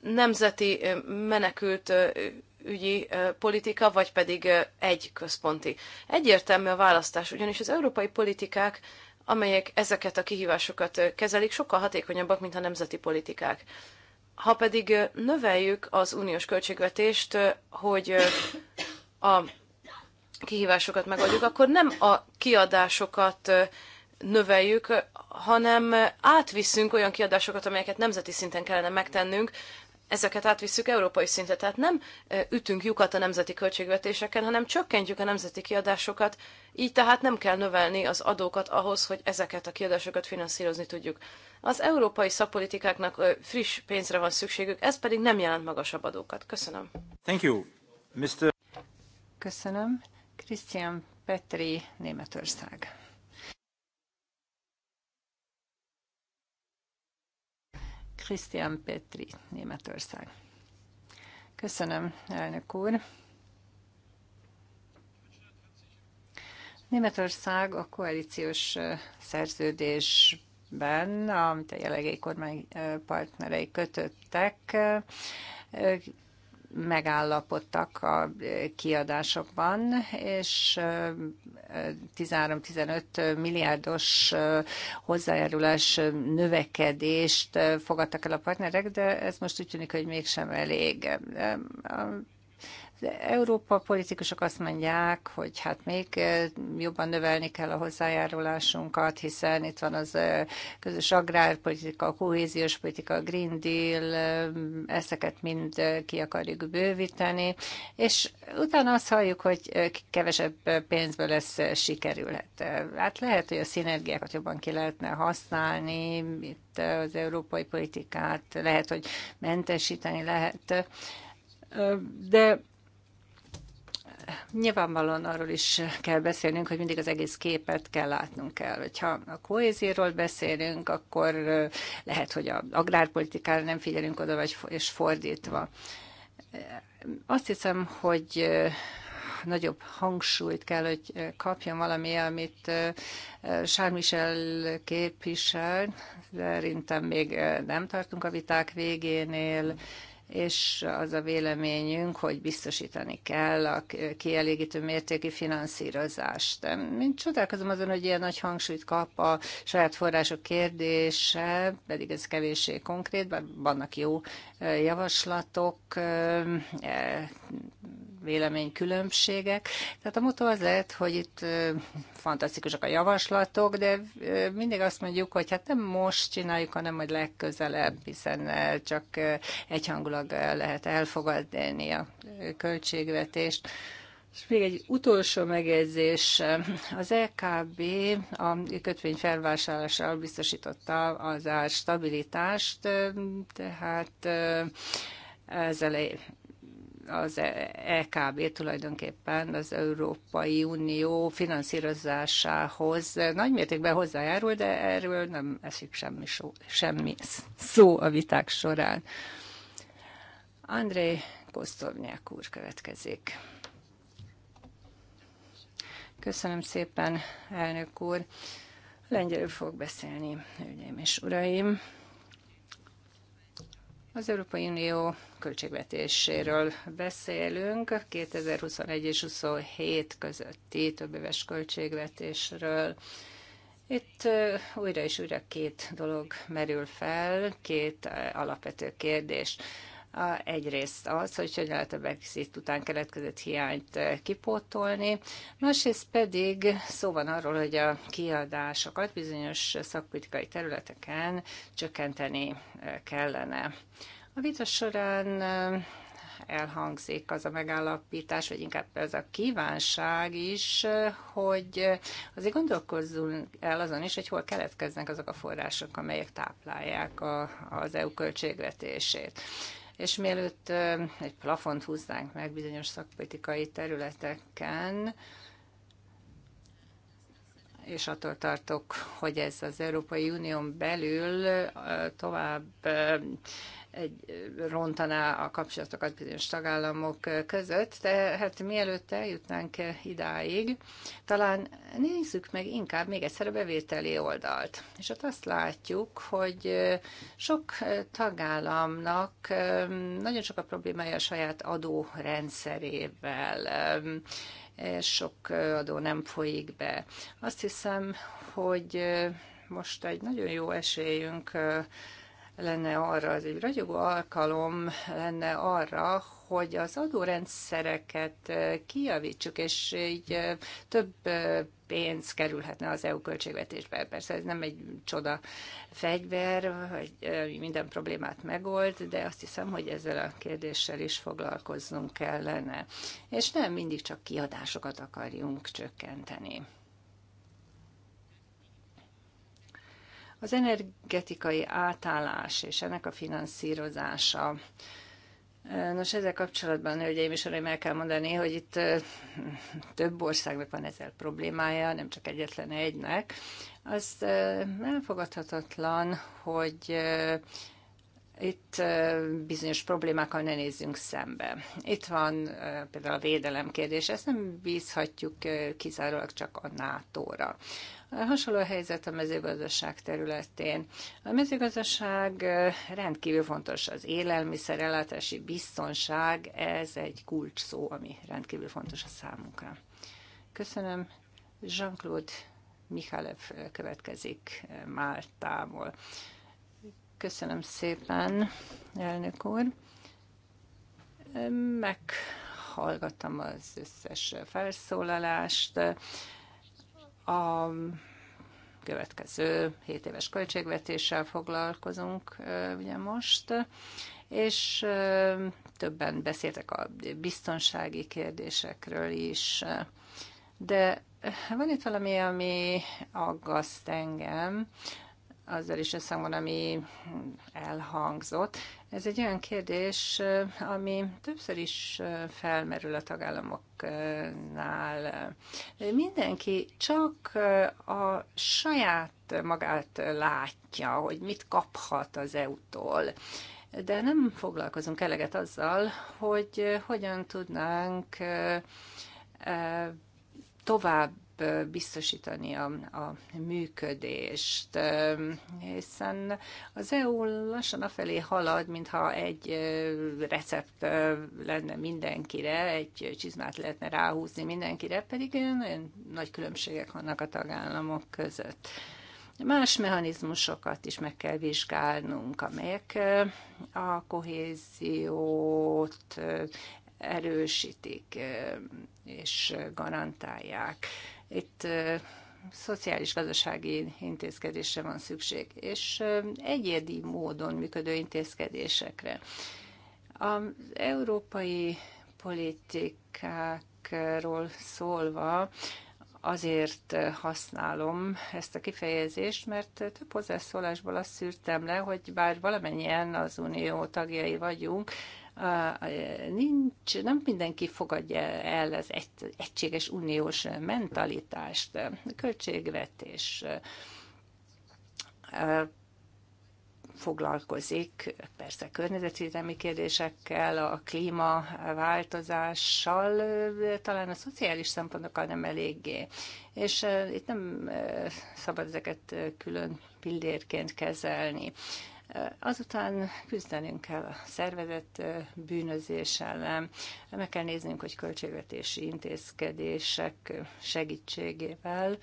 nemzeti menekült ügyi politika, vagy pedig egy központi. Egyértelmű a választás, ugyanis az európai politikák, amelyek ezeket a kihívásokat kezelik, sokkal hatékonyabbak, mint a nemzeti politikák. Ha pedig növeljük az uniós költségvetést, hogy a kihívásokat megoldjuk, akkor nem a kiadásokat növeljük, hanem átviszünk olyan kiadásokat, amelyeket nemzeti szinten kellene megtennünk, ezeket átvisszük európai szintre. Tehát nem ütünk lyukat a nemzeti költségvetéseken, hanem csökkentjük a nemzeti kiadásokat, így tehát nem kell növelni az adókat ahhoz, hogy ezeket a kiadásokat finanszírozni tudjuk. Az európai szakpolitikáknak friss pénzre van szükségük, ez pedig nem jelent magasabb adókat. Köszönöm. Thank you. Mr. Köszönöm. Krisztián Petri, Németország. Krisztián Petri, Németország. Köszönöm, elnök úr. Németország a koalíciós szerződésben, amit a jelenlegi kormánypartnerei partnerei kötöttek, megállapodtak a kiadásokban, és 13-15 milliárdos hozzájárulás növekedést fogadtak el a partnerek, de ez most úgy tűnik, hogy mégsem elég. De Európa politikusok azt mondják, hogy hát még jobban növelni kell a hozzájárulásunkat, hiszen itt van az közös agrárpolitika, a kohéziós politika, a Green Deal, ezeket mind ki akarjuk bővíteni, és utána azt halljuk, hogy kevesebb pénzből lesz sikerülhet. Hát lehet, hogy a szinergiákat jobban ki lehetne használni, itt az európai politikát lehet, hogy mentesíteni lehet, de nyilvánvalóan arról is kell beszélnünk, hogy mindig az egész képet kell látnunk kell. Hogyha a kohézióról beszélünk, akkor lehet, hogy az agrárpolitikára nem figyelünk oda, vagy és fordítva. Azt hiszem, hogy nagyobb hangsúlyt kell, hogy kapjon valami, amit Charles Michel képvisel. Szerintem még nem tartunk a viták végénél, és az a véleményünk, hogy biztosítani kell a kielégítő mértéki finanszírozást. Én csodálkozom azon, hogy ilyen nagy hangsúlyt kap a saját források kérdése, pedig ez kevéssé konkrét, bár vannak jó javaslatok, véleménykülönbségek. Tehát a mutó az lehet, hogy itt fantasztikusak a javaslatok, de mindig azt mondjuk, hogy hát nem most csináljuk, hanem majd legközelebb, hiszen csak egyhangulag lehet elfogadni a költségvetést. És még egy utolsó megjegyzés. Az LKB e a kötvény felvásárlással biztosította az ár stabilitást, tehát ezzel az EKB tulajdonképpen az Európai Unió finanszírozásához nagymértékben hozzájárul, de erről nem esik semmi, so, semmi szó a viták során. André Kosztovnyák úr következik. Köszönöm szépen, elnök úr. Lengyelül fog beszélni, hölgyeim és uraim. Az Európai Unió költségvetéséről beszélünk, 2021 és 27 közötti többéves költségvetésről. Itt újra és újra két dolog merül fel, két alapvető kérdés. Egyrészt az, hogy hogyan lehet a Brexit után keletkezett hiányt kipótolni, másrészt pedig szó van arról, hogy a kiadásokat bizonyos szakpolitikai területeken csökkenteni kellene. A vita során elhangzik az a megállapítás, vagy inkább ez a kívánság is, hogy azért gondolkozzunk el azon is, hogy hol keletkeznek azok a források, amelyek táplálják a, az EU költségvetését és mielőtt egy plafont húznánk meg bizonyos szakpolitikai területeken, és attól tartok, hogy ez az Európai Unión belül tovább egy, rontaná a kapcsolatokat bizonyos tagállamok között, tehát mielőtt eljutnánk idáig, talán nézzük meg inkább még egyszer a bevételi oldalt. És ott azt látjuk, hogy sok tagállamnak nagyon sok a problémája a saját adórendszerével, sok adó nem folyik be. Azt hiszem, hogy most egy nagyon jó esélyünk lenne arra, az egy ragyogó alkalom lenne arra, hogy az adórendszereket kijavítsuk, és így több pénz kerülhetne az EU költségvetésbe. Persze ez nem egy csoda fegyver, hogy minden problémát megold, de azt hiszem, hogy ezzel a kérdéssel is foglalkoznunk kellene. És nem mindig csak kiadásokat akarjunk csökkenteni. Az energetikai átállás és ennek a finanszírozása. Nos, ezzel kapcsolatban, hölgyeim és uraim, el kell mondani, hogy itt több országnak van ezzel problémája, nem csak egyetlen egynek. Az elfogadhatatlan, hogy itt bizonyos problémákkal ne nézzünk szembe. Itt van például a védelem kérdés, ezt nem bízhatjuk kizárólag csak a NATO-ra. Hasonló a helyzet a mezőgazdaság területén. A mezőgazdaság rendkívül fontos az ellátási biztonság, ez egy kulcs szó, ami rendkívül fontos a számunkra. Köszönöm. Jean-Claude Michalev következik Máltából. Köszönöm szépen, elnök úr. Meghallgattam az összes felszólalást. A következő 7 éves költségvetéssel foglalkozunk ugye most, és többen beszéltek a biztonsági kérdésekről is, de van itt valami, ami aggaszt engem azzal is összhangban, ami elhangzott. Ez egy olyan kérdés, ami többször is felmerül a tagállamoknál. Mindenki csak a saját magát látja, hogy mit kaphat az EU-tól de nem foglalkozunk eleget azzal, hogy hogyan tudnánk eh, tovább biztosítani a, a működést, hiszen az EU lassan afelé halad, mintha egy recept lenne mindenkire, egy csizmát lehetne ráhúzni mindenkire, pedig nagyon nagy különbségek vannak a tagállamok között más mechanizmusokat is meg kell vizsgálnunk, amelyek a kohéziót erősítik és garantálják. Itt szociális-gazdasági intézkedésre van szükség, és egyedi módon működő intézkedésekre. Az európai politikákról szólva azért használom ezt a kifejezést, mert több hozzászólásból azt szűrtem le, hogy bár valamennyien az unió tagjai vagyunk, nincs, nem mindenki fogadja el az egy, egységes uniós mentalitást, költségvetés foglalkozik persze környezetvédelmi kérdésekkel, a klímaváltozással, talán a szociális szempontokkal nem eléggé. És e, itt nem e, szabad ezeket e, külön pillérként kezelni. Azután küzdenünk kell a szervezet bűnözés ellen, meg kell néznünk, hogy költségvetési intézkedések segítségével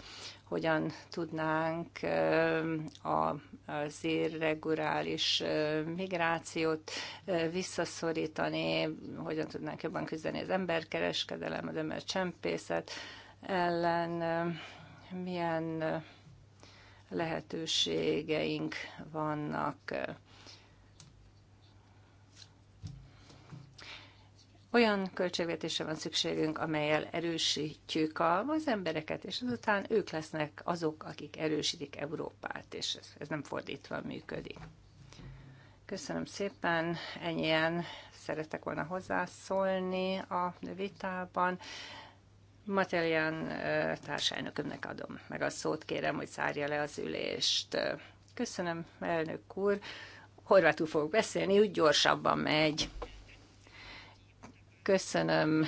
hogyan tudnánk az irregulális migrációt visszaszorítani, hogyan tudnánk jobban küzdeni az emberkereskedelem, az embercsempészet ellen, milyen lehetőségeink vannak. Olyan költségvetésre van szükségünk, amelyel erősítjük az embereket, és azután ők lesznek azok, akik erősítik Európát, és ez, ez nem fordítva működik. Köszönöm szépen, ennyien szeretek volna hozzászólni a vitában. Matelian társelnökömnek adom meg a szót, kérem, hogy zárja le az ülést. Köszönöm, elnök úr. Horvátul fogok beszélni, úgy gyorsabban megy. Köszönöm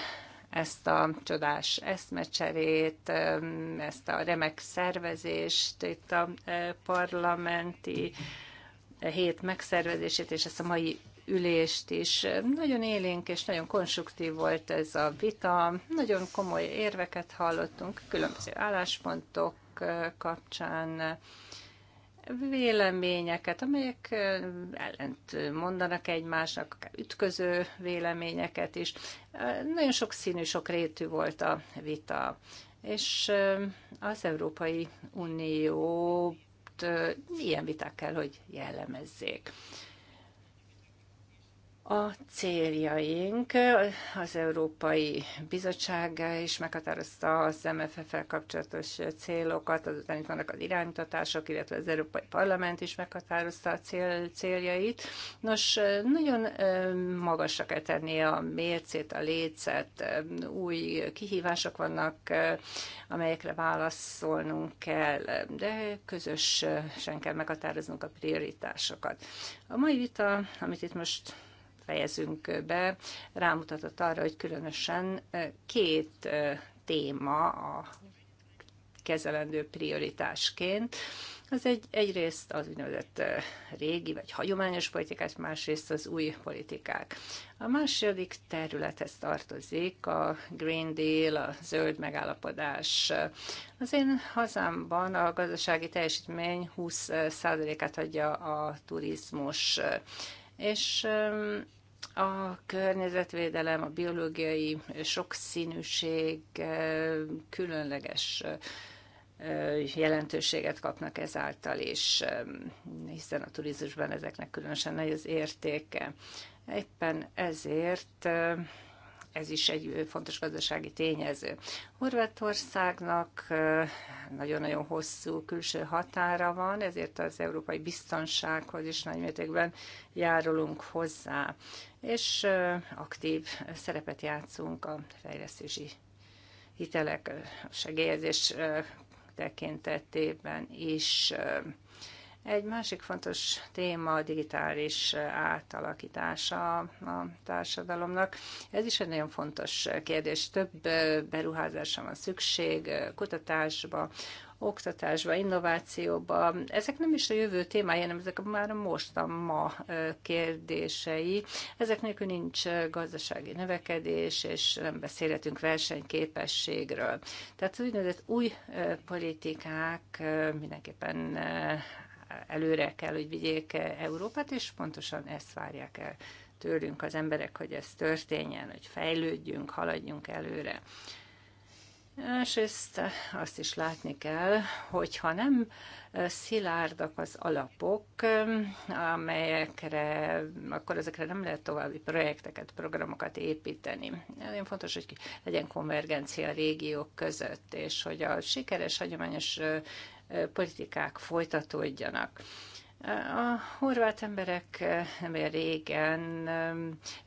ezt a csodás eszmecserét, ezt a remek szervezést itt a parlamenti hét megszervezését, és ezt a mai ülést is. Nagyon élénk és nagyon konstruktív volt ez a vita, nagyon komoly érveket hallottunk, különböző álláspontok eh, kapcsán véleményeket, amelyek eh, ellent mondanak egymásnak, akár ütköző véleményeket is. Eh, nagyon sok színű, sok rétű volt a vita. És az Európai Unió ilyen viták kell, hogy jellemezzék a céljaink. Az Európai Bizottság is meghatározta az MFF-fel kapcsolatos célokat, azután itt vannak az iránymutatások, illetve az Európai Parlament is meghatározta a cél, céljait. Nos, nagyon magasra kell tenni a mércét, a lécet, új kihívások vannak, amelyekre válaszolnunk kell, de közösen kell meghatároznunk a prioritásokat. A mai vita, amit itt most fejezünk be, rámutatott arra, hogy különösen két téma a kezelendő prioritásként. Az egy, egyrészt az úgynevezett régi vagy hagyományos politikák, másrészt az új politikák. A második területhez tartozik a Green Deal, a zöld megállapodás. Az én hazámban a gazdasági teljesítmény 20%-át adja a turizmus, és a környezetvédelem, a biológiai sokszínűség különleges jelentőséget kapnak ezáltal és hiszen a turizmusban ezeknek különösen nagy az értéke. Éppen ezért ez is egy fontos gazdasági tényező. Horvátországnak nagyon-nagyon hosszú külső határa van, ezért az európai biztonsághoz is nagymértékben járulunk hozzá, és aktív szerepet játszunk a fejlesztési hitelek, segélyezés tekintetében is egy másik fontos téma a digitális átalakítása a társadalomnak. Ez is egy nagyon fontos kérdés. Több beruházásra van szükség, kutatásba, oktatásba, innovációba. Ezek nem is a jövő témája, hanem ezek már most a ma kérdései. Ezek nélkül nincs gazdasági növekedés, és nem beszélhetünk versenyképességről. Tehát az úgynevezett új politikák mindenképpen előre kell, hogy vigyék Európát, és pontosan ezt várják el tőlünk az emberek, hogy ez történjen, hogy fejlődjünk, haladjunk előre. És ezt azt is látni kell, hogyha nem szilárdak az alapok, amelyekre, akkor ezekre nem lehet további projekteket, programokat építeni. Nagyon fontos, hogy legyen konvergencia a régiók között, és hogy a sikeres, hagyományos politikák folytatódjanak. A horvát emberek eh, nem olyan régen eh,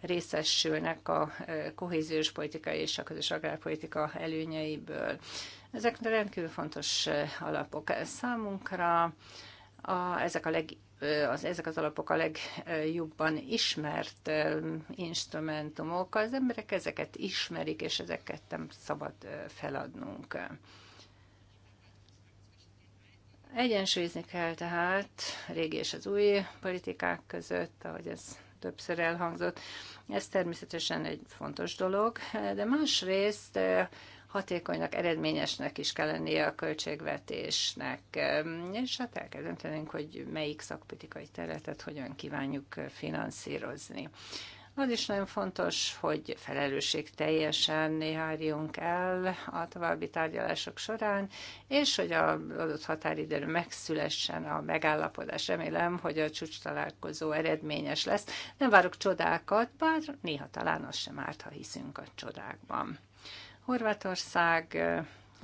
részesülnek a eh, kohéziós politika és a közös agrárpolitika előnyeiből. Ezek rendkívül fontos alapok számunkra. A, ezek a leg az, ezek az alapok a legjobban ismert instrumentumok, az emberek ezeket ismerik, és ezeket nem szabad feladnunk. Egyensúlyozni kell tehát a régi és az új politikák között, ahogy ez többször elhangzott. Ez természetesen egy fontos dolog, de másrészt hatékonynak, eredményesnek is kell lennie a költségvetésnek, és hát el kell döntenünk, hogy melyik szakpolitikai területet hogyan kívánjuk finanszírozni. Az is nagyon fontos, hogy felelősség teljesen járjunk el a további tárgyalások során, és hogy az adott határidőn megszülessen a megállapodás. Remélem, hogy a csúcs találkozó eredményes lesz. Nem várok csodákat, bár néha talán az sem árt, ha hiszünk a csodákban. Horvátország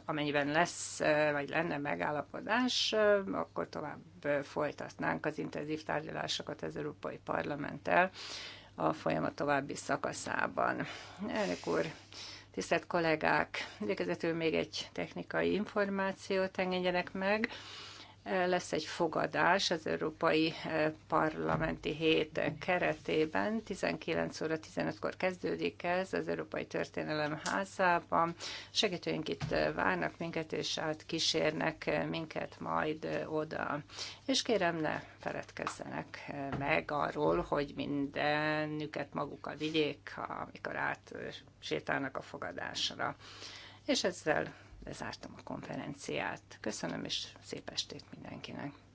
amennyiben lesz, vagy lenne megállapodás, akkor tovább folytatnánk az intenzív tárgyalásokat az Európai Parlamenttel a folyamat további szakaszában. Elnök úr, tisztelt kollégák, végezetül még egy technikai információt engedjenek meg lesz egy fogadás az Európai eh, Parlamenti Hét keretében. 19 óra 15-kor kezdődik ez az Európai Történelem házában. Segítőink itt eh, várnak minket, és át kísérnek eh, minket majd oda. És kérem, ne feledkezzenek meg arról, hogy mindenüket magukkal vigyék, amikor átsétálnak a fogadásra. És ezzel lezártam a konferenciát. Köszönöm, és szép estét mindenkinek!